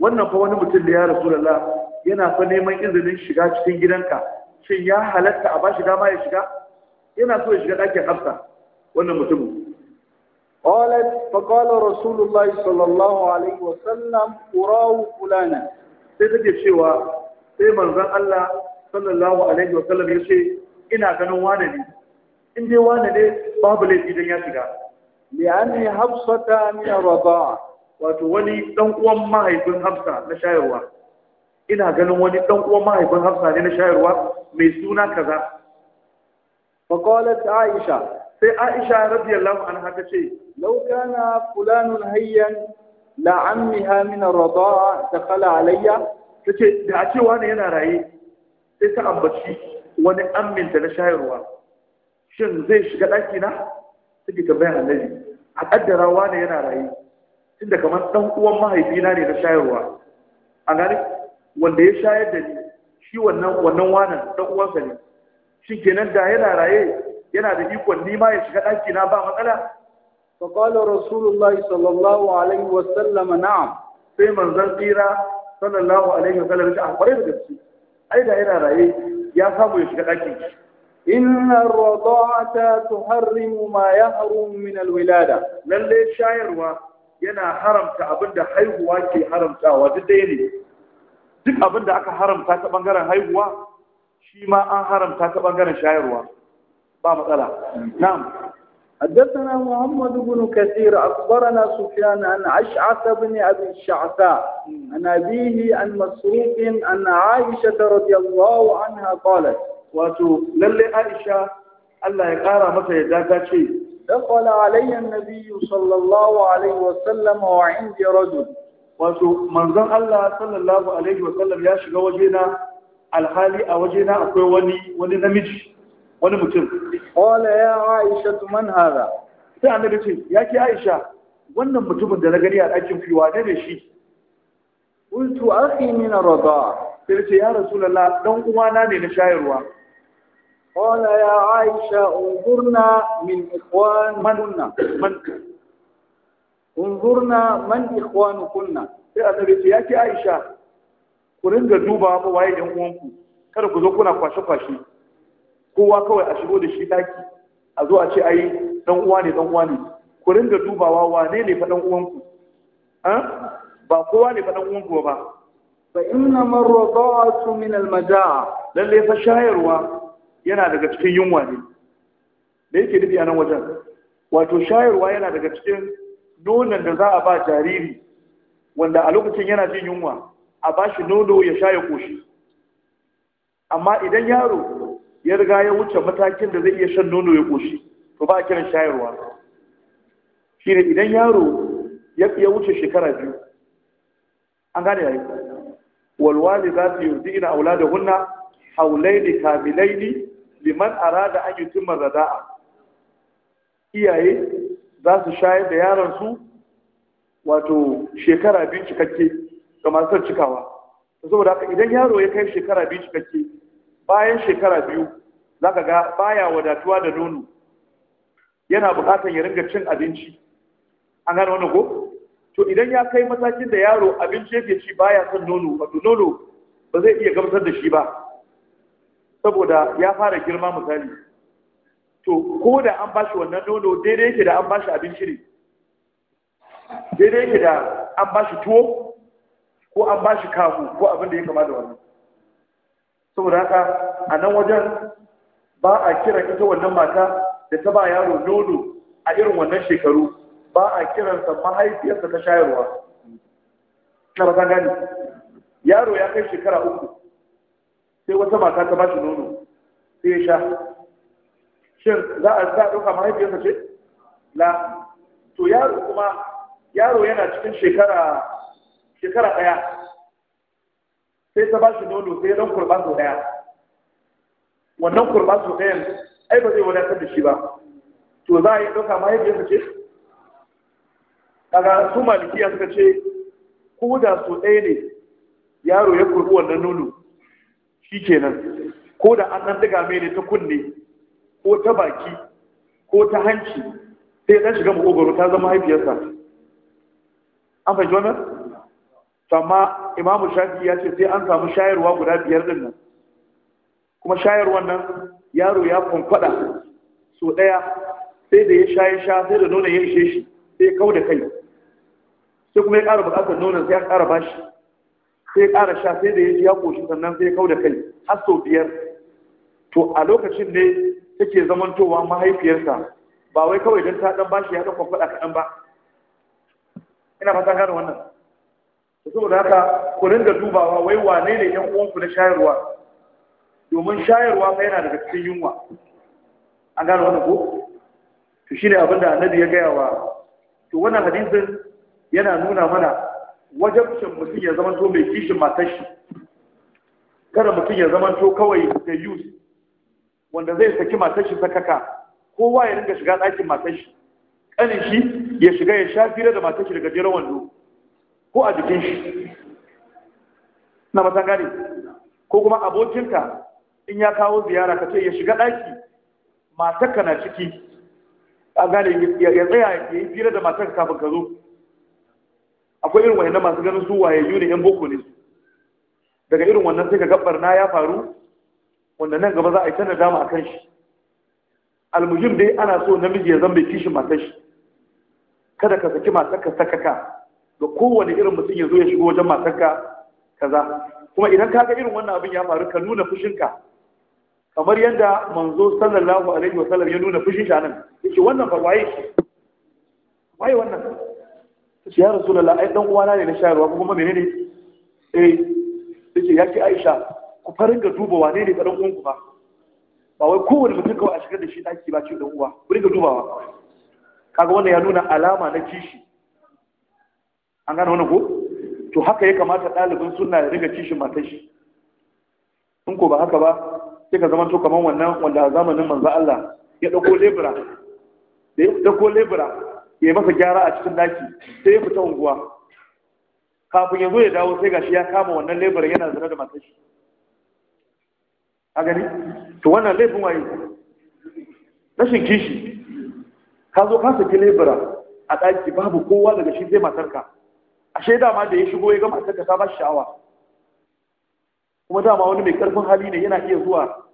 wannan fa wani mutum da ya rasulullah yana fa neman izinin shiga cikin gidanka shin ya halatta a ba shiga ma ya shiga yana so ya shiga dakin hafsa wannan mutumin قالت فقال رسول الله صلى الله عليه وسلم أراه فلانا سيدك cewa sai manzon Allah sallallahu alaihi wa sallam ya ce ina ganin wane ne in dai wane ne babu laifi dan ya shiga li'anni hafsata min ar-rida'a wato wani dan uwan mahaifin hafsa na shayarwa ina ganin wani ɗan uwan mahaifin hafsa ne na shayarwa mai suna kaza fa aisha sai aisha radiyallahu anha ta ce law na fulanun hayyan la ammiha min ta ridaa dakhala alayya tace da a cewa ne yana raye sai ta ambaci wani amminta na shayarwa shin zai shiga ɗakina? na suke tambayar annabi a kaddara wane yana raye tunda kamar dan uwan mahaifina ne na shayarwa a gani wanda ya shayar da ni shi wannan wannan wanan dan uwansa ne shi kenan da yana raye yana da ikon ni ma ya shiga daki na ba matsala fa qala rasulullahi sallallahu alaihi wa sallam na'am sai manzon kira sallallahu alaihi wa sallam ya ce da gaske ai da yana raye ya samu ya shiga ɗakin shi إن الرضاعة تحرم ما يحرم من الولادة للي الشاعر و ينا حرم تعبد حيه واكي حرم تعبد ديني دك أبد أكا حرم تعبد غير حيه و شيما أن حرم تعبد غير شاعر و بابا تلا نعم حدثنا محمد بن كثير أخبرنا سفيان عن عشعث بن أبي الشعثاء عن أبيه عن مسروق أن عائشة رضي الله عنها قالت wato lalle Aisha Allah ya ƙara mata yadda ta ce dakhala alayya an-nabiy sallallahu alaihi wa sallam wa indi rajul wato manzon Allah sallallahu alaihi wa sallam ya shiga wajena alhali a wajena akwai wani wani namiji wani mutum qala ya Aisha man hada sai annabi ce ya ki Aisha wannan mutumin da na gani a ɗakin fiwa ne ne shi qultu akhi min ar-rida sai ce ya rasulullah dan uwana ne na shayarwa قال يا عائشة انظرنا من إخوان من من انظرنا من إخوانكن sai annabi ce ya ke Aisha ku ringa duba ba waye ɗan uwanku kada ku zo kuna kwashe kwashe kowa kawai a shigo da shi daki a zo a ce ai ɗan uwa ne ɗan uwa ne ku ringa dubawa wane ne fa dan uwanku ba kowa ne fa dan uwanku ba fa inna marradatu min almajaa lalle fa shayarwa yana daga cikin yunwa ne da yake dubi a nan wajen wato shayarwa yana daga cikin nonon da za a ba jariri wanda a lokacin yana jin yunwa a ba shi nono ya sha ya koshi amma idan yaro ya riga ya wuce matakin da zai iya shan nono ya koshi to ba a kiran shayarwa shi ne idan yaro ya wuce shekara biyu an gane yayi walwali za su yi ina aula da hunna haulai da kamilai ne liman arada an yutimma zada'a iyaye za su shayar da yaron su wato shekara biyu cikakke ga masu cikawa saboda haka idan yaro ya kai shekara biyu cikakke bayan shekara biyu za ka ga baya wadatuwa da nono yana buƙatar ya ringa cin abinci an gane wani ko to idan ya kai matakin da yaro abinci yake ci baya son nono wato nono ba zai iya gamsar da shi ba saboda ya fara girma misali to ko da an ba shi wannan nono daidai yake da an ba shi abin shiri daidai yake da an ba shi tuwo ko an ba shi kafu ko abin da ya kama da wani, saboda haka a nan wajen ba a kiran ita wannan mata da ta ba yaro nono a irin wannan shekaru ba a kiransa mahaifiyarsa ta shayarwa na ba gani yaro ya kai shekara uku sai wata mata ta bashi nono sai ya sha shin za a sa ɗauka mahaifiyarsa ce la to yaro kuma yaro yana cikin shekara shekara ɗaya sai ta bashi nono sai ɗan kurba sau ɗaya wannan kurba sau ɗayan ai ba zai wadatar da shi ba to za a yi ɗauka mahaifiyarsa ce daga su malikiya suka ce ko da sau ɗaya ne yaro ya kurbi wannan nono shi kenan ko da an ɗan ɗiga mai ne ta kunne ko ta baki ko ta hanci sai ɗan shiga maƙogoro ta zama haifiyarsa an fahimci wannan amma imamu shafi ya ce sai an samu shayarwa guda biyar din nan kuma shayarwan nan yaro ya kwankwada so ɗaya sai da ya shayi sha sai da nuna ya ishe shi sai kau da kai sai kuma ya ƙara buƙatar nonon sai ya ƙara bashi sai ƙara sha sai da ya ji ya ƙoshi sannan sai ya kau da kai har sau biyar to a lokacin ne take zamantowa mahaifiyarsa ba wai kawai don ta ɗan bashi ya ɗan kwakwada kaɗan ba ina fata gane wannan to saboda haka ku ringa dubawa wai wane ne 'yan uwanku na shayarwa domin shayarwa fa yana daga cikin yunwa an gane wannan ko to shine abin da annabi ya gaya wa to wannan hadisin yana nuna mana wajabcin mutum ya zama to mai kishin matar shi kada mutum ya zama to kawai da yus wanda zai saki matar shi sakaka kowa ya ringa shiga ɗakin matar shi ƙanin shi ya shiga ya sha fira da matar shi daga jerin wando ko a jikin shi na matan gane ko kuma abokinka in ya kawo ziyara ka ce ya shiga ɗaki ka na ciki a gane ya tsaya ya yi fira da matarka kafin ka zo akwai irin wani masu ganin su waye ne yan boko ne daga irin wannan sai ka gabbar na ya faru wanda nan gaba za a yi tana dama akan shi almuhim dai ana so namiji ya zama kishin matar shi kada ka saki matar ka saka ka, ga kowane irin mutum ya zo ya shigo wajen matar ka kaza kuma idan ka ga irin wannan abin ya faru ka nuna fushinka kamar yadda manzo sallallahu alaihi wasallam ya nuna fushin shi anan yake wannan fa waye shi waye wannan ce ya rasu lalla ai dan ne na shayarwa kuma menene eh ce ya ke aisha ku farin ga duba wane ne ɗan uwanku ba ba wai kowane mutum kawai a shigar da shi ɗaki ba ce dan uwa ku ringa dubawa kaga wannan ya nuna alama na kishi an gane wani ko to haka ya kamata ɗalibin suna ya ringa kishin matar shi in ko ba haka ba sai ka zama to kamar wannan wanda a zamanin manzo Allah ya dauko lebura da ya dauko lebura ya masa gyara a cikin daki sai ya fita unguwa kafin ya zo ya dawo sai gashi ya kama wannan lebarin yana zina da matashi a gani to wannan laifin waye rashin kishi ka zo ka saki lebura a daki babu kowa daga shi sai matarka ashe dama da ya shigo ya ga matarka ta ba sha'awa kuma dama wani mai karfin hali ne yana iya zuwa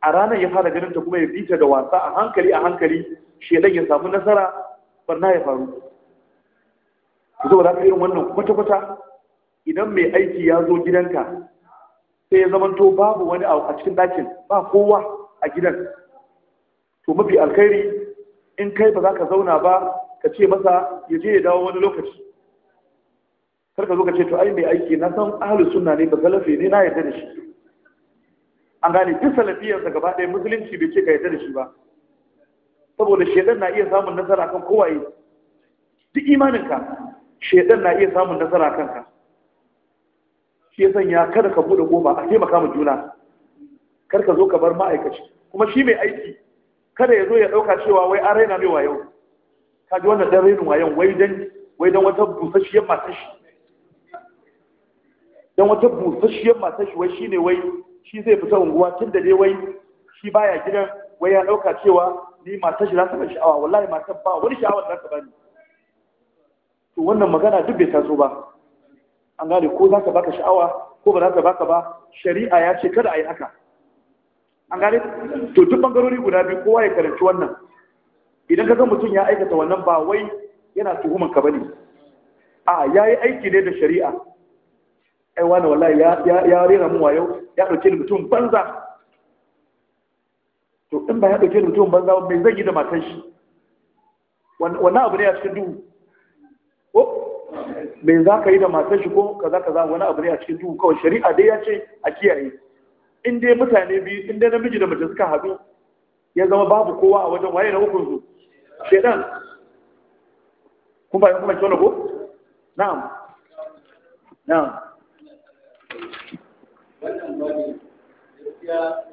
a ranar ya fara ganin ta kuma ya bita da wasa a hankali a hankali shaidan ya samu nasara barna ya faru ku zo za ka irin wannan kwata-kwata idan mai aiki ya zo gidanka sai ya zamanto babu wani a cikin ɗakin ba kowa a gidan to mafi alkhairi in kai ba za ka zauna ba ka ce masa ya je ya dawo wani lokaci kar ka zo ka ce to ai mai aiki na san ahlus sunna ne ba salafi ne na yarda da shi an gane duk salafiyarsa gaba ɗaya musulunci bai ce ka yarda da shi ba saboda shaidan na iya samun nasara kan kowaye duk imaninka shaidan na iya samun nasara kanka shi ya sanya kada ka bude goma a taimaka ma juna kar ka zo ka bar ma'aikaci kuma shi mai aiki kada ya zo ya dauka cewa wai an raina mai wayo ka ji wannan dan rainin wayon wai dan wai dan wata busasshiyar matar shi dan wata busasshiyar matar shi wai shine wai shi zai fita unguwa tun da dai wai shi baya gidan wai ya dauka cewa ni matar shi za ta sha'awa wallahi matar ba wani sha'awa da za ta bani to wannan magana duk bai taso ba an gane ko za ka baka sha'awa ko ba za ka baka ba shari'a ya ce kada a yi haka an gane to duk bangarori guda biyu kowa ya karanci wannan idan ka ga mutum ya aikata wannan ba wai yana tuhuman ka bane a ya yi aiki ne da shari'a ai wani wallahi ya ya rera mu wayo ya dauke ni mutum banza to in ba ya ɗauke da mutum banza mai zai yi da matan shi wannan abu ne a cikin duhu ko mai za ka yi da matan shi ko kaza kaza wani abu ne a cikin duhu kawai shari'a dai ya ce a kiyaye in dai mutane biyu in dai namiji da mace suka haɗu ya zama babu kowa a wajen waye na hukun su shedan kun ba kuma cewa ko na'am na'am wannan bane gaskiya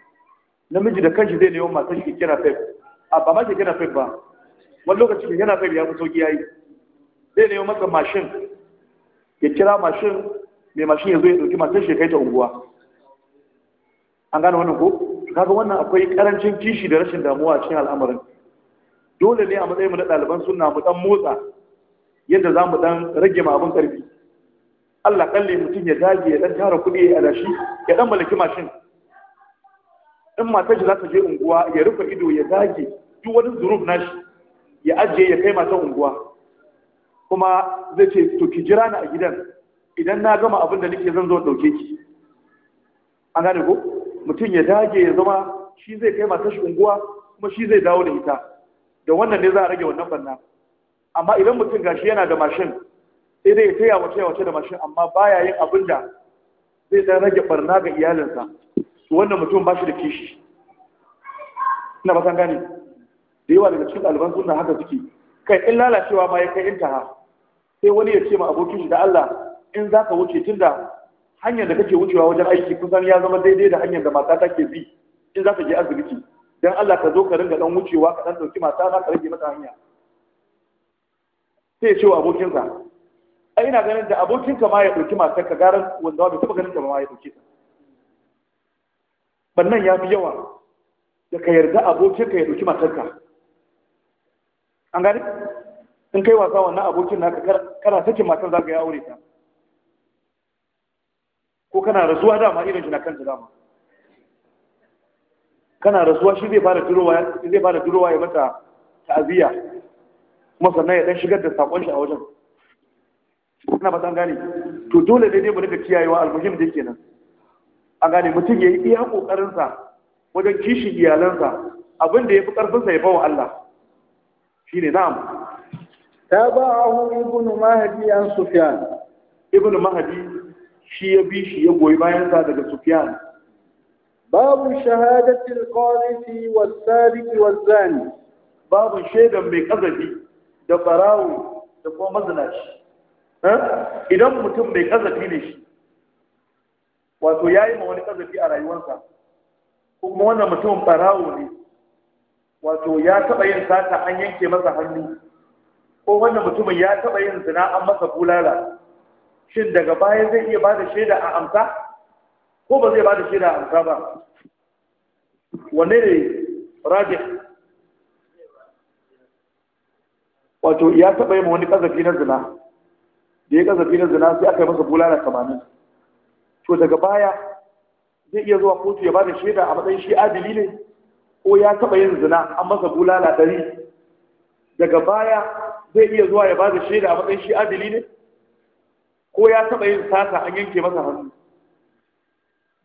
namiji da kanshi zai neman matar shi kira fef. a ba ma kira fef ba wani lokaci ke kira fef ya fi sauki yi. zai neman masa mashin ya kira mashin mai mashin ya zo ya ɗauki masu shi kai ta unguwa an gane wannan ko kaga wannan akwai karancin kishi da rashin damuwa a cikin al'amarin dole ne a matsayin mu na ɗaliban suna mu dan motsa yadda za mu dan rage ma abin ƙarfi Allah kalle mutum ya dage ya dan tara kuɗi a dashi ya dan mallaki mashin in matar shi za ta je unguwa ya rufe ido ya zage duk wani zuruf shi ya ajiye ya kai matar unguwa kuma zai ce to ki jira ni a gidan idan na gama abin da nake zan zo dauke ki an gane ko mutum ya dage ya zama shi zai kai matar shi unguwa kuma shi zai dawo da ita da wannan ne za a rage wannan banna amma idan mutum gashi yana da mashin sai dai ya taya wace wace da mashin amma baya yin abin da zai dan rage barna ga iyalinsa wannan mutum ba shi da kishi ina ba san gane da yawa daga cikin ɗaliban suna haka suke kai in lalacewa ma ya kai intaha sai wani ya ce ma abokin shi da Allah in za ka wuce tunda hanyar da kake wucewa wajen aiki kusan ya zama daidai da hanyar da mata take bi in za ka je asibiti dan Allah ka zo ka ringa dan wucewa ka dan dauki mata ka rage mata hanya sai ya ce wa abokinsa ai ina ganin da abokinka ma ya dauki matar ka garan wanda ba ta ganin ta ma ya dauke ta bannan ya fi yawa da ka yarda abokinka ya ɗauki matarka an gani in kai wasa wannan abokin naka kana sakin matar za ka yi aure ta ko kana rasuwa dama irin shi na kanta dama kana rasuwa shi zai fara durowa zai fara durowa ya mata ta'aziyya kuma sannan ya dan shigar da sakon shi a wajen kana ba san gane to dole ne mu rika kiyayewa almuhim da kenan a gane mutum ya yi iya ƙoƙarinsa wajen kishi iyalansa abinda ya fi ƙarfinsa ya bawa Allah shi ne na'am ta ba a hun ibn mahadi an sufiyan ibn mahadi shi ya bi shi ya goyi bayansa daga sufiyan babu shahadatin qanisi wa sadiqi wa zani babu shaidan mai kazafi da farawo da kuma mazinaci idan mutum mai kazafi ne shi wato ya yi ma wani ƙazafi a rayuwarsa kuma wannan mutum farawo ne wato ya taɓa yin sata an yanke masa hannu ko wannan mutumin ya taɓa yin zina an masa bulala shin daga baya zai iya ba da shaida a amsa ko ba zai ba da shaida a amsa ba wanne ne Raje? wato ya taɓa yin wani ƙazafi na zina da ya ƙazafi na zina sai aka yi masa bulala kamanin to daga baya zai iya zuwa kotu ya bada shaida a matsayin shi adili ne ko ya taba yin zina an masa bulala ɗari daga baya zai iya zuwa ya bada shaida a matsayin shi adili ne ko ya taba yin sata an yanke masa hannu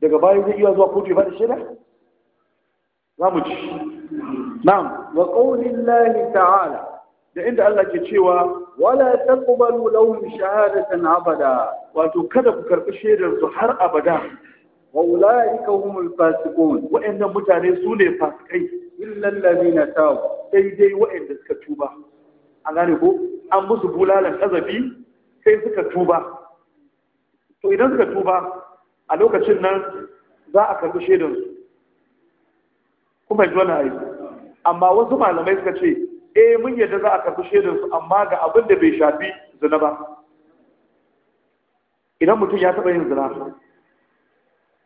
daga baya zai iya zuwa kotu ya bada shaida za mu ci na'am wa qawli ta'ala da inda Allah ke cewa wala taqbalu lahum shahadatan abada wato kada ku karbi shaidar su har abada wa ulaika humul fasiqun inna mutane su ne fasikai illa allazina tabu sai dai wa'anda suka tuba an gane ko an musu bulalan azabi sai suka tuba to idan suka tuba a lokacin nan za a karbi shaidar su kuma ji wannan ayi amma wasu malamai suka ce eh mun yadda za a karɓi su amma ga abin da bai shafi zina ba idan mutum ya taɓa yin zina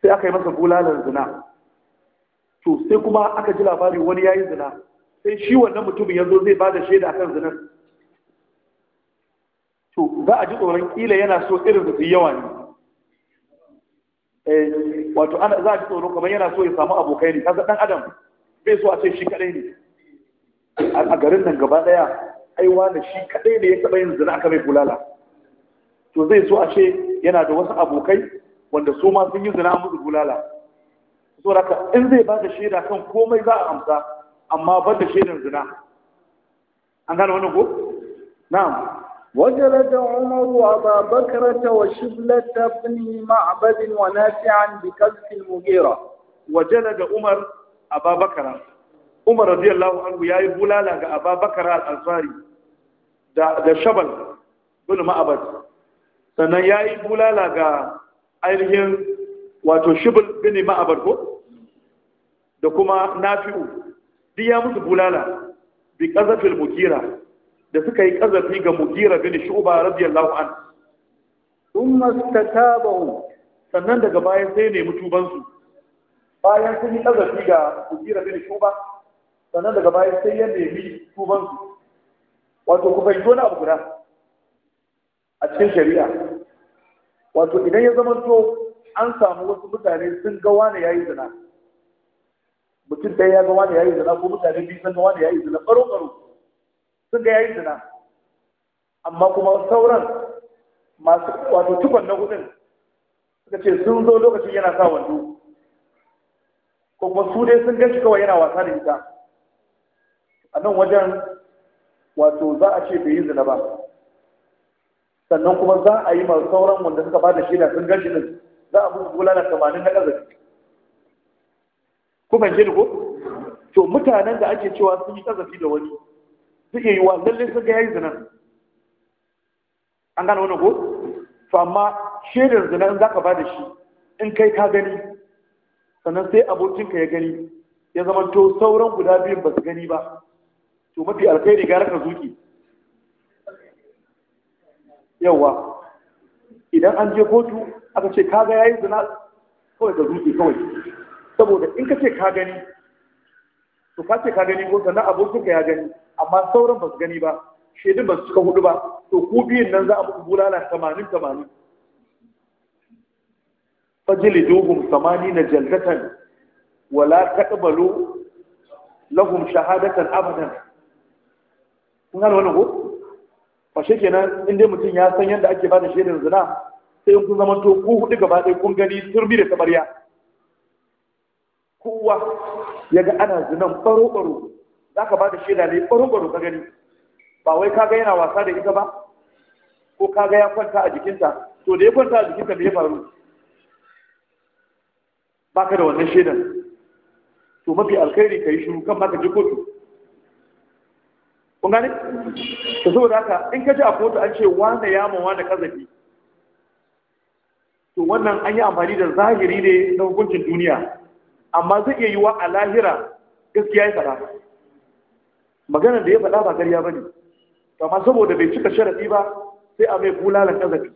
sai aka yi masa bulalar zina to sai kuma aka ji labari wani ya yi zina sai shi wannan mutumin yanzu zai ba da shaida akan zinan to za a ji tsoron kila yana so irin su yawa ne eh, wato ana za a ji tsoro kamar yana so ya samu abokai ne dan adam bai so a ce shi kadai ne a garin nan gaba daya aiwa da shi kadai ne ya taba yin zina aka mai bulala to zai so a ce yana da wasu abokai wanda su ma sun yi zina musu bulala so haka in zai ba da shaida kan komai za a amsa amma ban da shaidan zina an gane wannan ko na'am وجلد عمر أبا بكرة وشبلة بن معبد ونافعا بكذف المغيرة وجلد عمر أبا بكر umar radiyallahu anhu yayi bulala ga ababakar al-ansari da da shabal bin ma'abad sannan yayi bulala ga ainihin wato shibul bin ma'abad ko da kuma nafi'u duk ya musu bulala bi qazafil mukira da suka yi qazafi ga mukira bin shu'ba radiyallahu anhu thumma istatabu sannan daga baya sai ne mutubansu bayan sun yi qazafi ga mukira bin shu'ba sannan daga baya sai ya nemi tubansu wato ku fahimci wani abu guda a cikin shari'a wato idan ya zama to an samu wasu mutane sun ga wani ya yi zina mutum ɗaya ya ga wani ya yi zina ko mutane biyu sun ga wani ya yi zina ɓaro ɓaro sun ga ya yi zina amma kuma sauran masu wato tukon na hudun suka ce sun zo lokacin yana sa wando ko kuma su dai sun gan shi kawai yana wasa da ita a nan wajen wato za a ce bai yi zina ba sannan kuma za a yi masu sauran wanda suka bada shida sun gashi din za a musu bulala tamanin na ƙazafi ku fahimce ni ko to mutanen da ake cewa sun yi ƙazafi da wani iya yi wa lallai sun ga yayi zina an gane wani ko to amma shaidar zina in za ka bada shi in kai ka gani sannan sai abokinka ya gani ya zama to sauran guda biyun ba su gani ba to mafi alkhairi gara ka zuki yawa idan an je kotu aka ce kaga yayi zina kawai ka zuki kawai saboda in ka ce ka gani to ka ce ka gani ko sannan abokin ka ya gani amma sauran ba su gani ba shaidun ba su cika hudu ba to ku biyun nan za a muku bulala tamanin tamanin fajili dogon samani na jaldatan wala taqbalu lahum shahadatan abadan kun gane wannan ko ba shi kenan in dai mutum ya san yadda ake bada shaidar zina sai kun zama to ku hudu gaba ɗaya kun gani turmi da tabariya kowa ya ga ana zinan baro-baro za ka bada shaida ne baro-baro ka gani ba wai kaga yana wasa da ita ba ko kaga ya kwanta a jikinta to da ya kwanta a jikinta me ya faru baka da wannan shaidan to mafi alkhairi ka yi shiru kan ma ka je kotu kun gane to saboda haka in ka ji a kotu an ce wane ya ma wane kazafi to wannan an yi amfani da zahiri ne na hukuncin duniya amma zai iya yiwa a lahira gaskiya ya faɗa maganar da ya faɗa ba gariya ba ne amma saboda bai cika sharaɗi ba sai a mai bulalan kazafi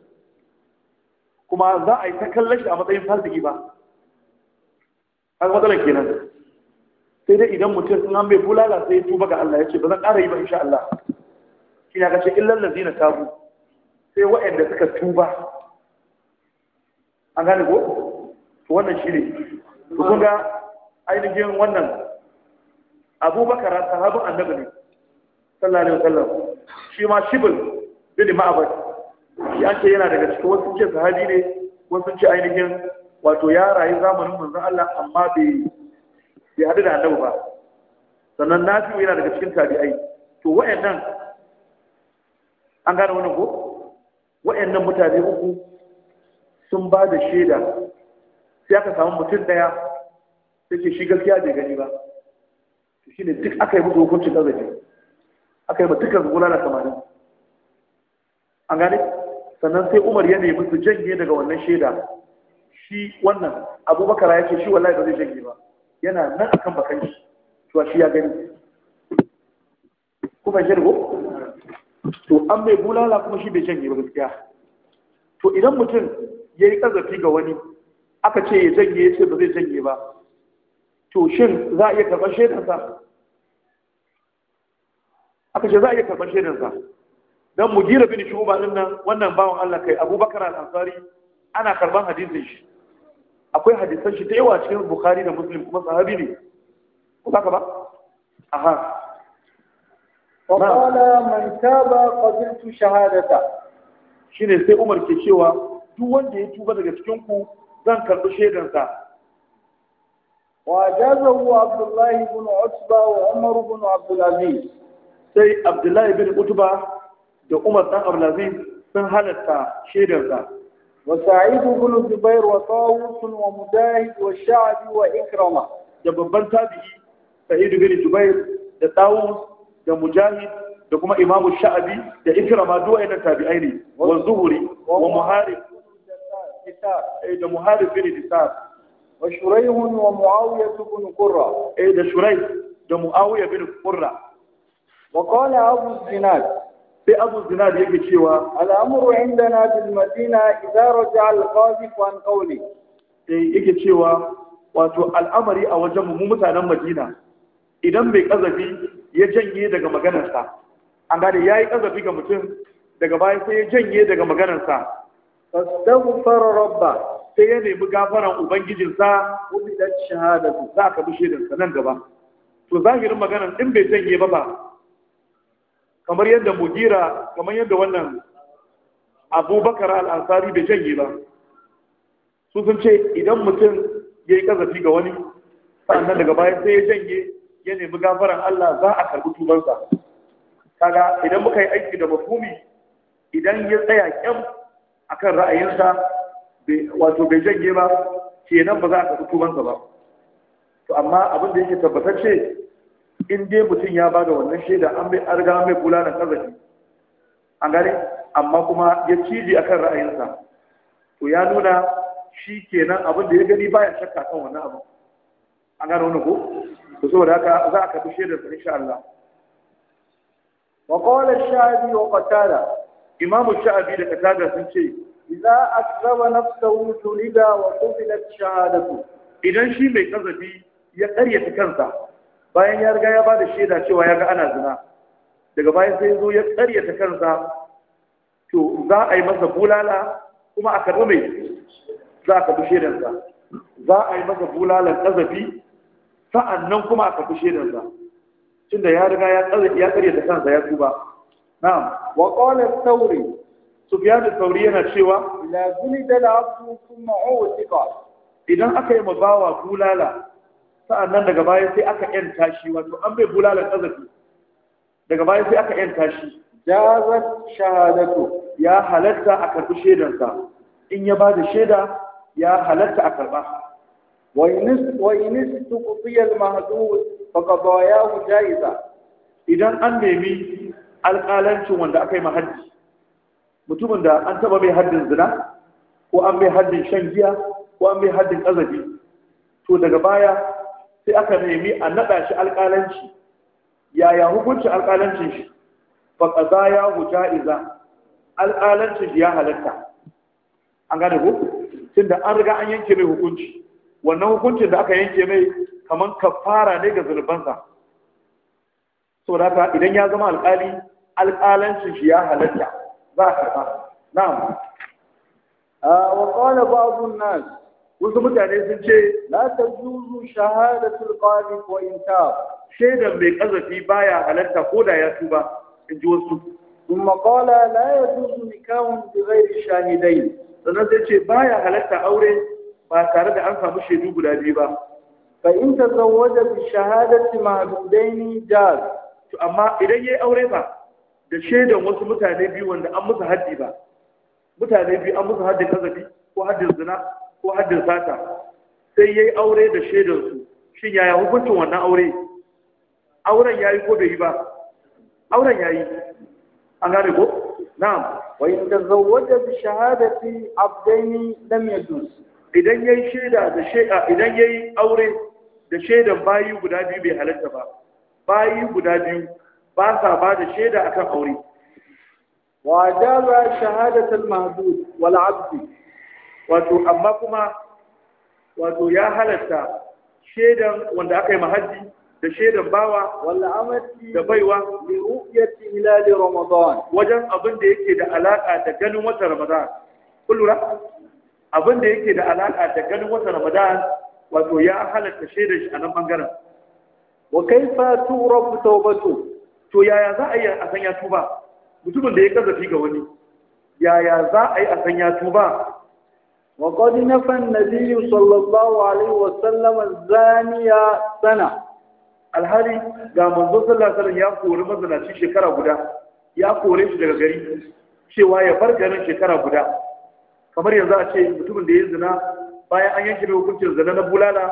kuma za a yi ta kallon shi a matsayin fasiki ba Haka matsalar kenan sai dai idan mutum sun hambe bai bulala sai ya tuba ga Allah ya ce ba zan ƙara yi ba insha Allah shi kashe kace illal ladina tabu sai waɗanda suka tuba an gane ko to wannan shi ne to kun ga ainihin wannan Abubakar sahabin annabi ne sallallahu alaihi wasallam shi ma shibul bin ma'abad shi an ce yana daga cikin wasu ce sahabi ne wasu ce ainihin wato ya rayu zamanin manzon Allah amma bai bai haɗu da annabi ba sannan na fi yana daga cikin tabi'ai to wa'annan an gane wani ko wa'annan mutane uku sun ba da shaida sai aka samu mutum ɗaya sai ce shi gaskiya bai gani ba to shine duk aka yi musu hukuncin ƙazafi aka yi ba dukkan gona na kamanin an gane sannan sai umar ya nemi su janye daga wannan shaida shi wannan abubakar ya ce shi wallahi ba zai janye ba yana nan akan bakan shi to shi ya gani kuma ko? to an mai bulala kuma shi bai janye ba gaskiya to idan mutum ya yi ƙazafi ga wani aka ce ya janye ya ce ba zai janye ba to shin za a iya karɓar shaidansa aka ce za a iya karɓar shaidansa don mu gira bin shuba ɗin nan wannan bawan Allah kai abubakar al-ansari ana karɓar hadisin shi akwai hadisan shi ta yawa cikin bukhari da muslim kuma sahabi ne ko ba ka ba aha وقال من تاب قبلت شهادته shine sai Umar ke cewa duk wanda ya tuba daga cikin ku zan karɓi shaidansa wa jazahu Abdullahi ibn Utba wa Umar ibn Abdul Aziz sai Abdullahi ibn Utba da Umar dan Abdul Aziz sun halatta shaidansa وسعيد بن الزبير وطاووس ومجاهد والشعبي وإكرمة يا ببن تابعي سعيد بن الزبير da Tawus da Mujahid da kuma Imamu Sha'abi da Ikrama duk wayannan tabi'ai ne wa Zuhri wa eh, da Muharib bin Disar wa Shurayh wa Muawiyah sai abu zinad yake cewa al'amuru inda na madina idarar da al kwan an sai yake cewa wato al'amari a wajen mu mutanen madina idan bai kazafi ya janye daga maganarsa an gane yi kazafi ga mutum daga baya sai ya janye daga maganarsa fara rabba sai ya nemi gafaran ubangijinsa ɗan shahadatu za ka bi shaidansa nan gaba to zahirin maganar din bai janye ba ba kamar yadda mugira kamar yadda wannan abubakar al'asari bai janye ba su sun ce idan mutum ya yi kazafi ga wani sannan daga bayan sai ya janye ya nemi gafaran Allah za a karbi tubansa kaga idan muka yi aiki da mafumi idan ya tsaya a kan ra'ayinsa wato bai janye ba kenan ba za a karbi tubansa ba to amma abin da yake tabbatacce in dai mutum ya bada wannan shaida an mai arga mai kula da sarrafi an gane amma kuma ya a kan ra'ayinsa to ya nuna shi kenan abin da ya gani baya shakka kan wannan abu an gane wani ko to saboda haka za a kafi shaidar sa insha Allah wa qala wa qatada imamu sha'abi da qatada sun ce idza akraba nafsahu tulida wa qubilat shahadatu idan shi mai kazafi ya karyata kansa bayan ya riga ya ba da shaida cewa ya ga ana zina daga bayan sai zo ya karyata kansa to za a yi masa bulala kuma a karɓi mai za a karɓi shaidansa za a yi masa bulalan ƙazafi sa'annan kuma a karɓi shaidansa tunda ya riga ya karyata kansa ya tuba na'am wa qala thawri sufyan thawri yana cewa la zulida la abdu thumma uwtiqa idan aka yi mabawa bulala sa'an nan daga baya sai aka ‘yan tashi wato an bai bulalar ƙazafi daga baya sai aka yan tashi. jazat shahadatu ya halatta a karɓi shaidansa in ya ba da shaida ya halatta a karɓa wa inis tuqtiyal mahdud ya mu jaiza idan an nemi alƙalancin wanda aka yi mahaddi mutumin da an taba mai haddin zina ko an mai haddin shan giya ko an mai haddin ƙazafi, to daga baya sai aka nemi a naɗa shi alƙalanci yaya hukuncin alƙalancin shi Ba ƙaza ya Iza. alƙalancin shi ya halatta an gane tun da an riga an yanke mai hukunci wannan hukuncin da aka yanke mai kaman kafara ne ga zunubansa saboda haka idan ya zama alƙali alƙalancin shi ya halatta za a karɓa na'am وقال بعض الناس wasu mutane sun ce la tajuzu shahadatul qadi wa in shaidan mai kazafi baya halatta ko da ya tuba in ji wasu kuma qala la yajuzu nikahun bi ghairi shahidain sannan sai ce baya halatta aure ba tare da an samu shaidu guda biyu ba fa in tazawwaja bi shahadati ma'dudain jaz to amma idan yayi aure ba da shaidan wasu mutane biyu wanda an musu haddi ba mutane biyu an musu haddi kazafi ko haddin zina ko haddin sata sai ya yi aure da shaidansu shin yaya hukuncin wannan aure auren ya yi ko bai yi ba auren ya yi an gane ko na'am wa in tazawwaja bi shahadati abdaini lam yajuz idan yayi shaida da shaida idan yayi aure da shaidan bayi guda biyu bai halatta ba bayi guda biyu ba sa ba da shaida akan aure wa jaba shahadatul mahdud wal abdi wato amma kuma wato ya halatta shaidan wanda aka yi mahaji da shaidan bawa walla amati da baiwa li ru'yati hilal ramadan wajen abin da yake da alaka da ganin watan ramadan kullura abin da yake da alaka da ganin watan ramadan wato ya halatta shaidan shi a nan bangaren wa kaifa turafu tawbatu to yaya za a yi a san ya tuba mutumin da ya kazafi ga wani yaya za a yi a san ya tuba وقد نفى النبي صلى الله عليه وسلم الزانية سنة alhali ga manzo sallallahu alaihi wasallam ya kori mazanaci shekara guda ya kore shi daga gari cewa ya bar garin shekara guda kamar yanzu a ce mutumin da ya zina bayan an yanke mai hukuncin zina na bulala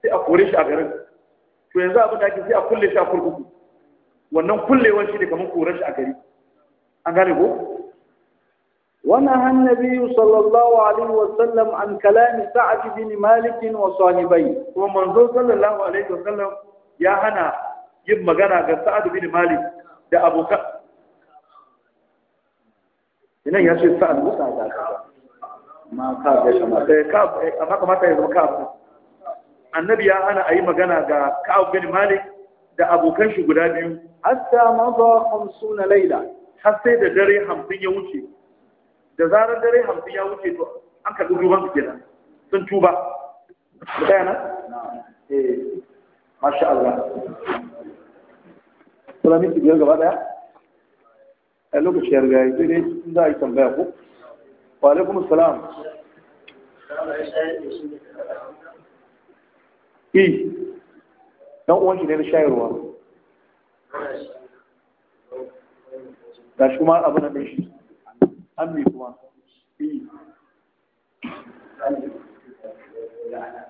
sai a kore shi a garin to yanzu abin da ake sai a kulle shi a kurkuku wannan kullewar shi ne kamar korar shi a gari an gane ko ونهى النبي صلى الله عليه وسلم عن كلام سعد بن مالك وصاحبيه ومنظور صلى الله عليه وسلم يا هنا يب مغانا ga سعد بن مالك da abokan inan ya ce sa'ad musa da ka ma ka ga kama eh ka eh, kamata ya zama ka annabi ya hana ayi magana ga ka'ab bin malik da abokan shi guda biyu hatta maza ba 50 laila har sai da dare 50 ya wuce da zarar dare hamsin ya wuce to an karɓi ruwan su kenan sun tuba ɗaya nan eh masha Allah sura biyar gaba ɗaya a lokaci ya riga sai dai za a yi tambaya ko wa alaikum salam i e, dan uwan shi ne na shayarwa gashi kuma abin da shi ammi kuma ai za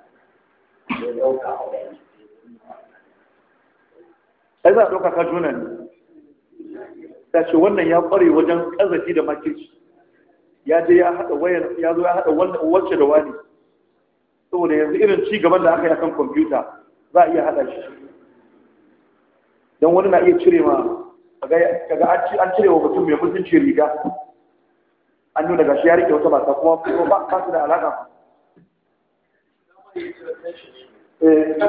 a ɗauka ka juna ne ta ce wannan ya ƙware wajen ƙazafi da makirci ya je ya haɗa wayar ya zo ya haɗa wannan wacce da wani saboda yanzu irin ci gaban da aka yi akan kwamfuta za a iya haɗa shi don wani na iya cire ma kaga an cire wa mutum mai mutunci riga an nuna shi ya rike wata mata kuma ba ba su da alaka da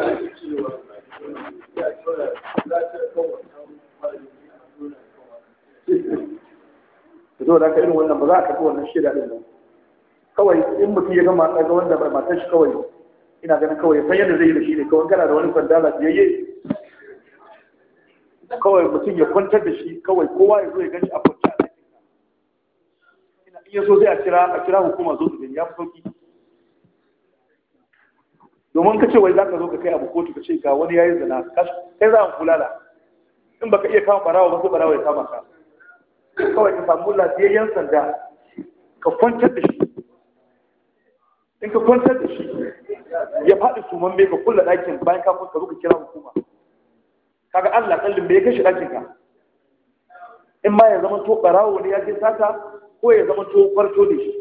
zo da ka irin wannan ba za a karɓi wannan shaida ɗin ba kawai in mutum ya gama ga wanda ba matar shi kawai ina ganin kawai ya san yadda zai yi da shi ne kawai kana da wani da yayye? kawai mutum ya kwantar da shi kawai kowa ya zo ya gani a in yaso zai a kira a kira hukuma zo su ya fi domin ka ce wai za ka zo ka kai abu kotu ka ce ga wani yayi zina kai za a kulala in baka iya kama barawa ba sai barawa ya kama ka kawai ka samu lafiyayyen sanda ka kwantar da shi in ka kwantar da shi ya faɗi suman mai ka kulla ɗakin bayan ka kwanta ka kira hukuma kaga Allah kallin bai kashe ɗakin ka in ma ya zama to barawo ne ya ce sata ko ya zama to farko da shi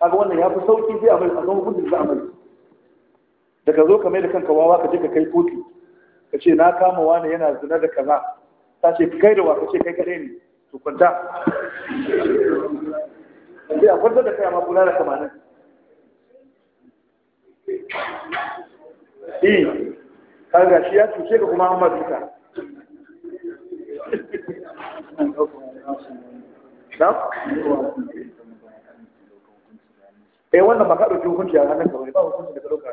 kaga wannan ya fi sauki sai a mai a zama gudun za a mai da ka zo ka mai da kanka wawa ka je ka kai kotu ka ce na kama wani yana zina da kaza ta ce kai da wa ka ce kai kare ne to kwanta sai a kwanta da kai amma kula da kamanin E, eh, kaga shi ya cuce ka kuma Thank you. na? eh wannan ba ka ɗauki hukunci a hannun ka bane ba hukunci da ka ɗauka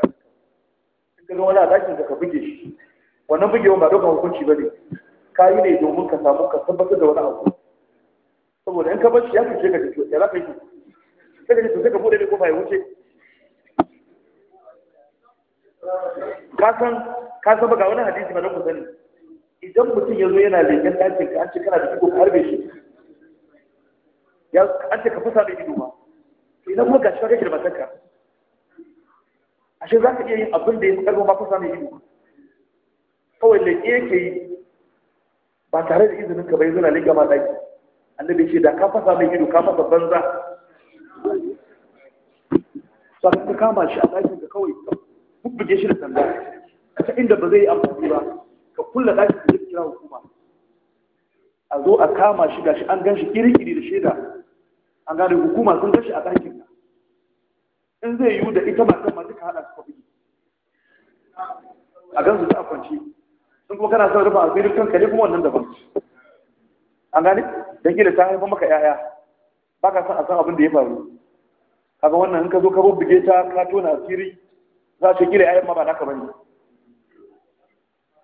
in ka zo wani a dakin ka buge shi wannan bugewan ba ɗaukan hukunci ba ne ka yi ne domin ka samu ka tabbatar da wani abu saboda in ka bar shi ya kace ka jiki ya za ka yi sai ka ji sosai ka buɗe ne kofa ya wuce Ka san ba ga wani hadisi ba don ku sani idan mutum ya zo yana leƙen ɗakin ka an ce kana da iko ka harbe shi ya an ce ka fasa da ido ba to idan kuma gashi kake da matarka ashe za ka iya yin abin da ya fi ƙarfin ba fasa da ido kawai leƙe yake yi ba tare da izinin ka bai zana leƙa ma ɗaki annabi ce da ka fasa mai ido ka fasa banza sa ka kama shi a ɗakin ka kawai ka bubbuge shi da sanda ta inda ba zai yi amfani ba ka kulla ɗakin ka kira hukuma a zo a kama shi gashi an gan shi iri-iri da shaida an gane hukuma sun tashi a ɗakin ka in zai yiwu da ita ba ma duka haɗa su kwafi a gan su ta kwanci sun kuma kana son a asirin kan kare kuma wannan daban an gane dan gida ta haifa maka yaya ba ka san a san abin da ya faru kaga wannan in ka zo ka bubbuge ta ka tona asiri za ta kila yayan ma ba naka bane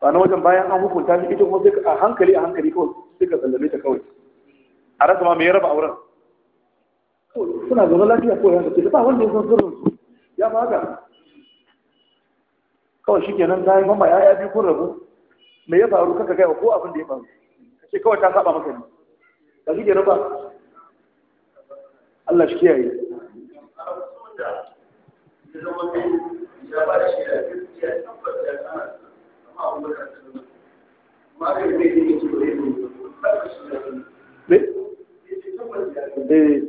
ba na wajen bayan an hukunta shi ita kuma sai a hankali a hankali kawai sai ka sallame ta kawai a rasa ma me ya raba auren suna zama lafiya ko ya sace ba wanda ya san sirrin su ya ba ga kawai shi kenan ta yi mamma ya ya biyu kun rabu me ya faru kaka gaya ko abin da ya faru ce kawai ta saba maka ne ka shi kenan ba Allah shi kiyaye Eh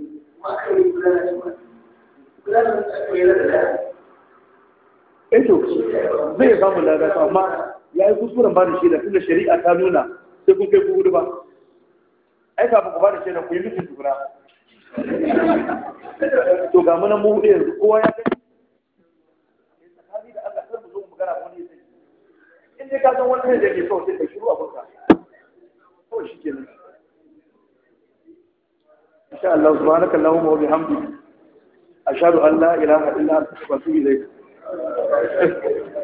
Eto, eh zai samun lalata amma ya yi kuskuren ba da shaida tun da shari'a ta nuna sai kun kai kuhudu ba. Ai, kafin ku ba da shaida ku yi mutum tukuna. To ga munan mu hudu yanzu kowa ya kai. Tsakani da Allah kar mu zo mu magana ya sai. In dai ka san wani ne da ke so sai ka shiru abinka. Kawai shi kenan. insha Allah subhanaka allahumma wa bihamdika ashhadu an la illa anta astaghfiruka wa atubu ilayk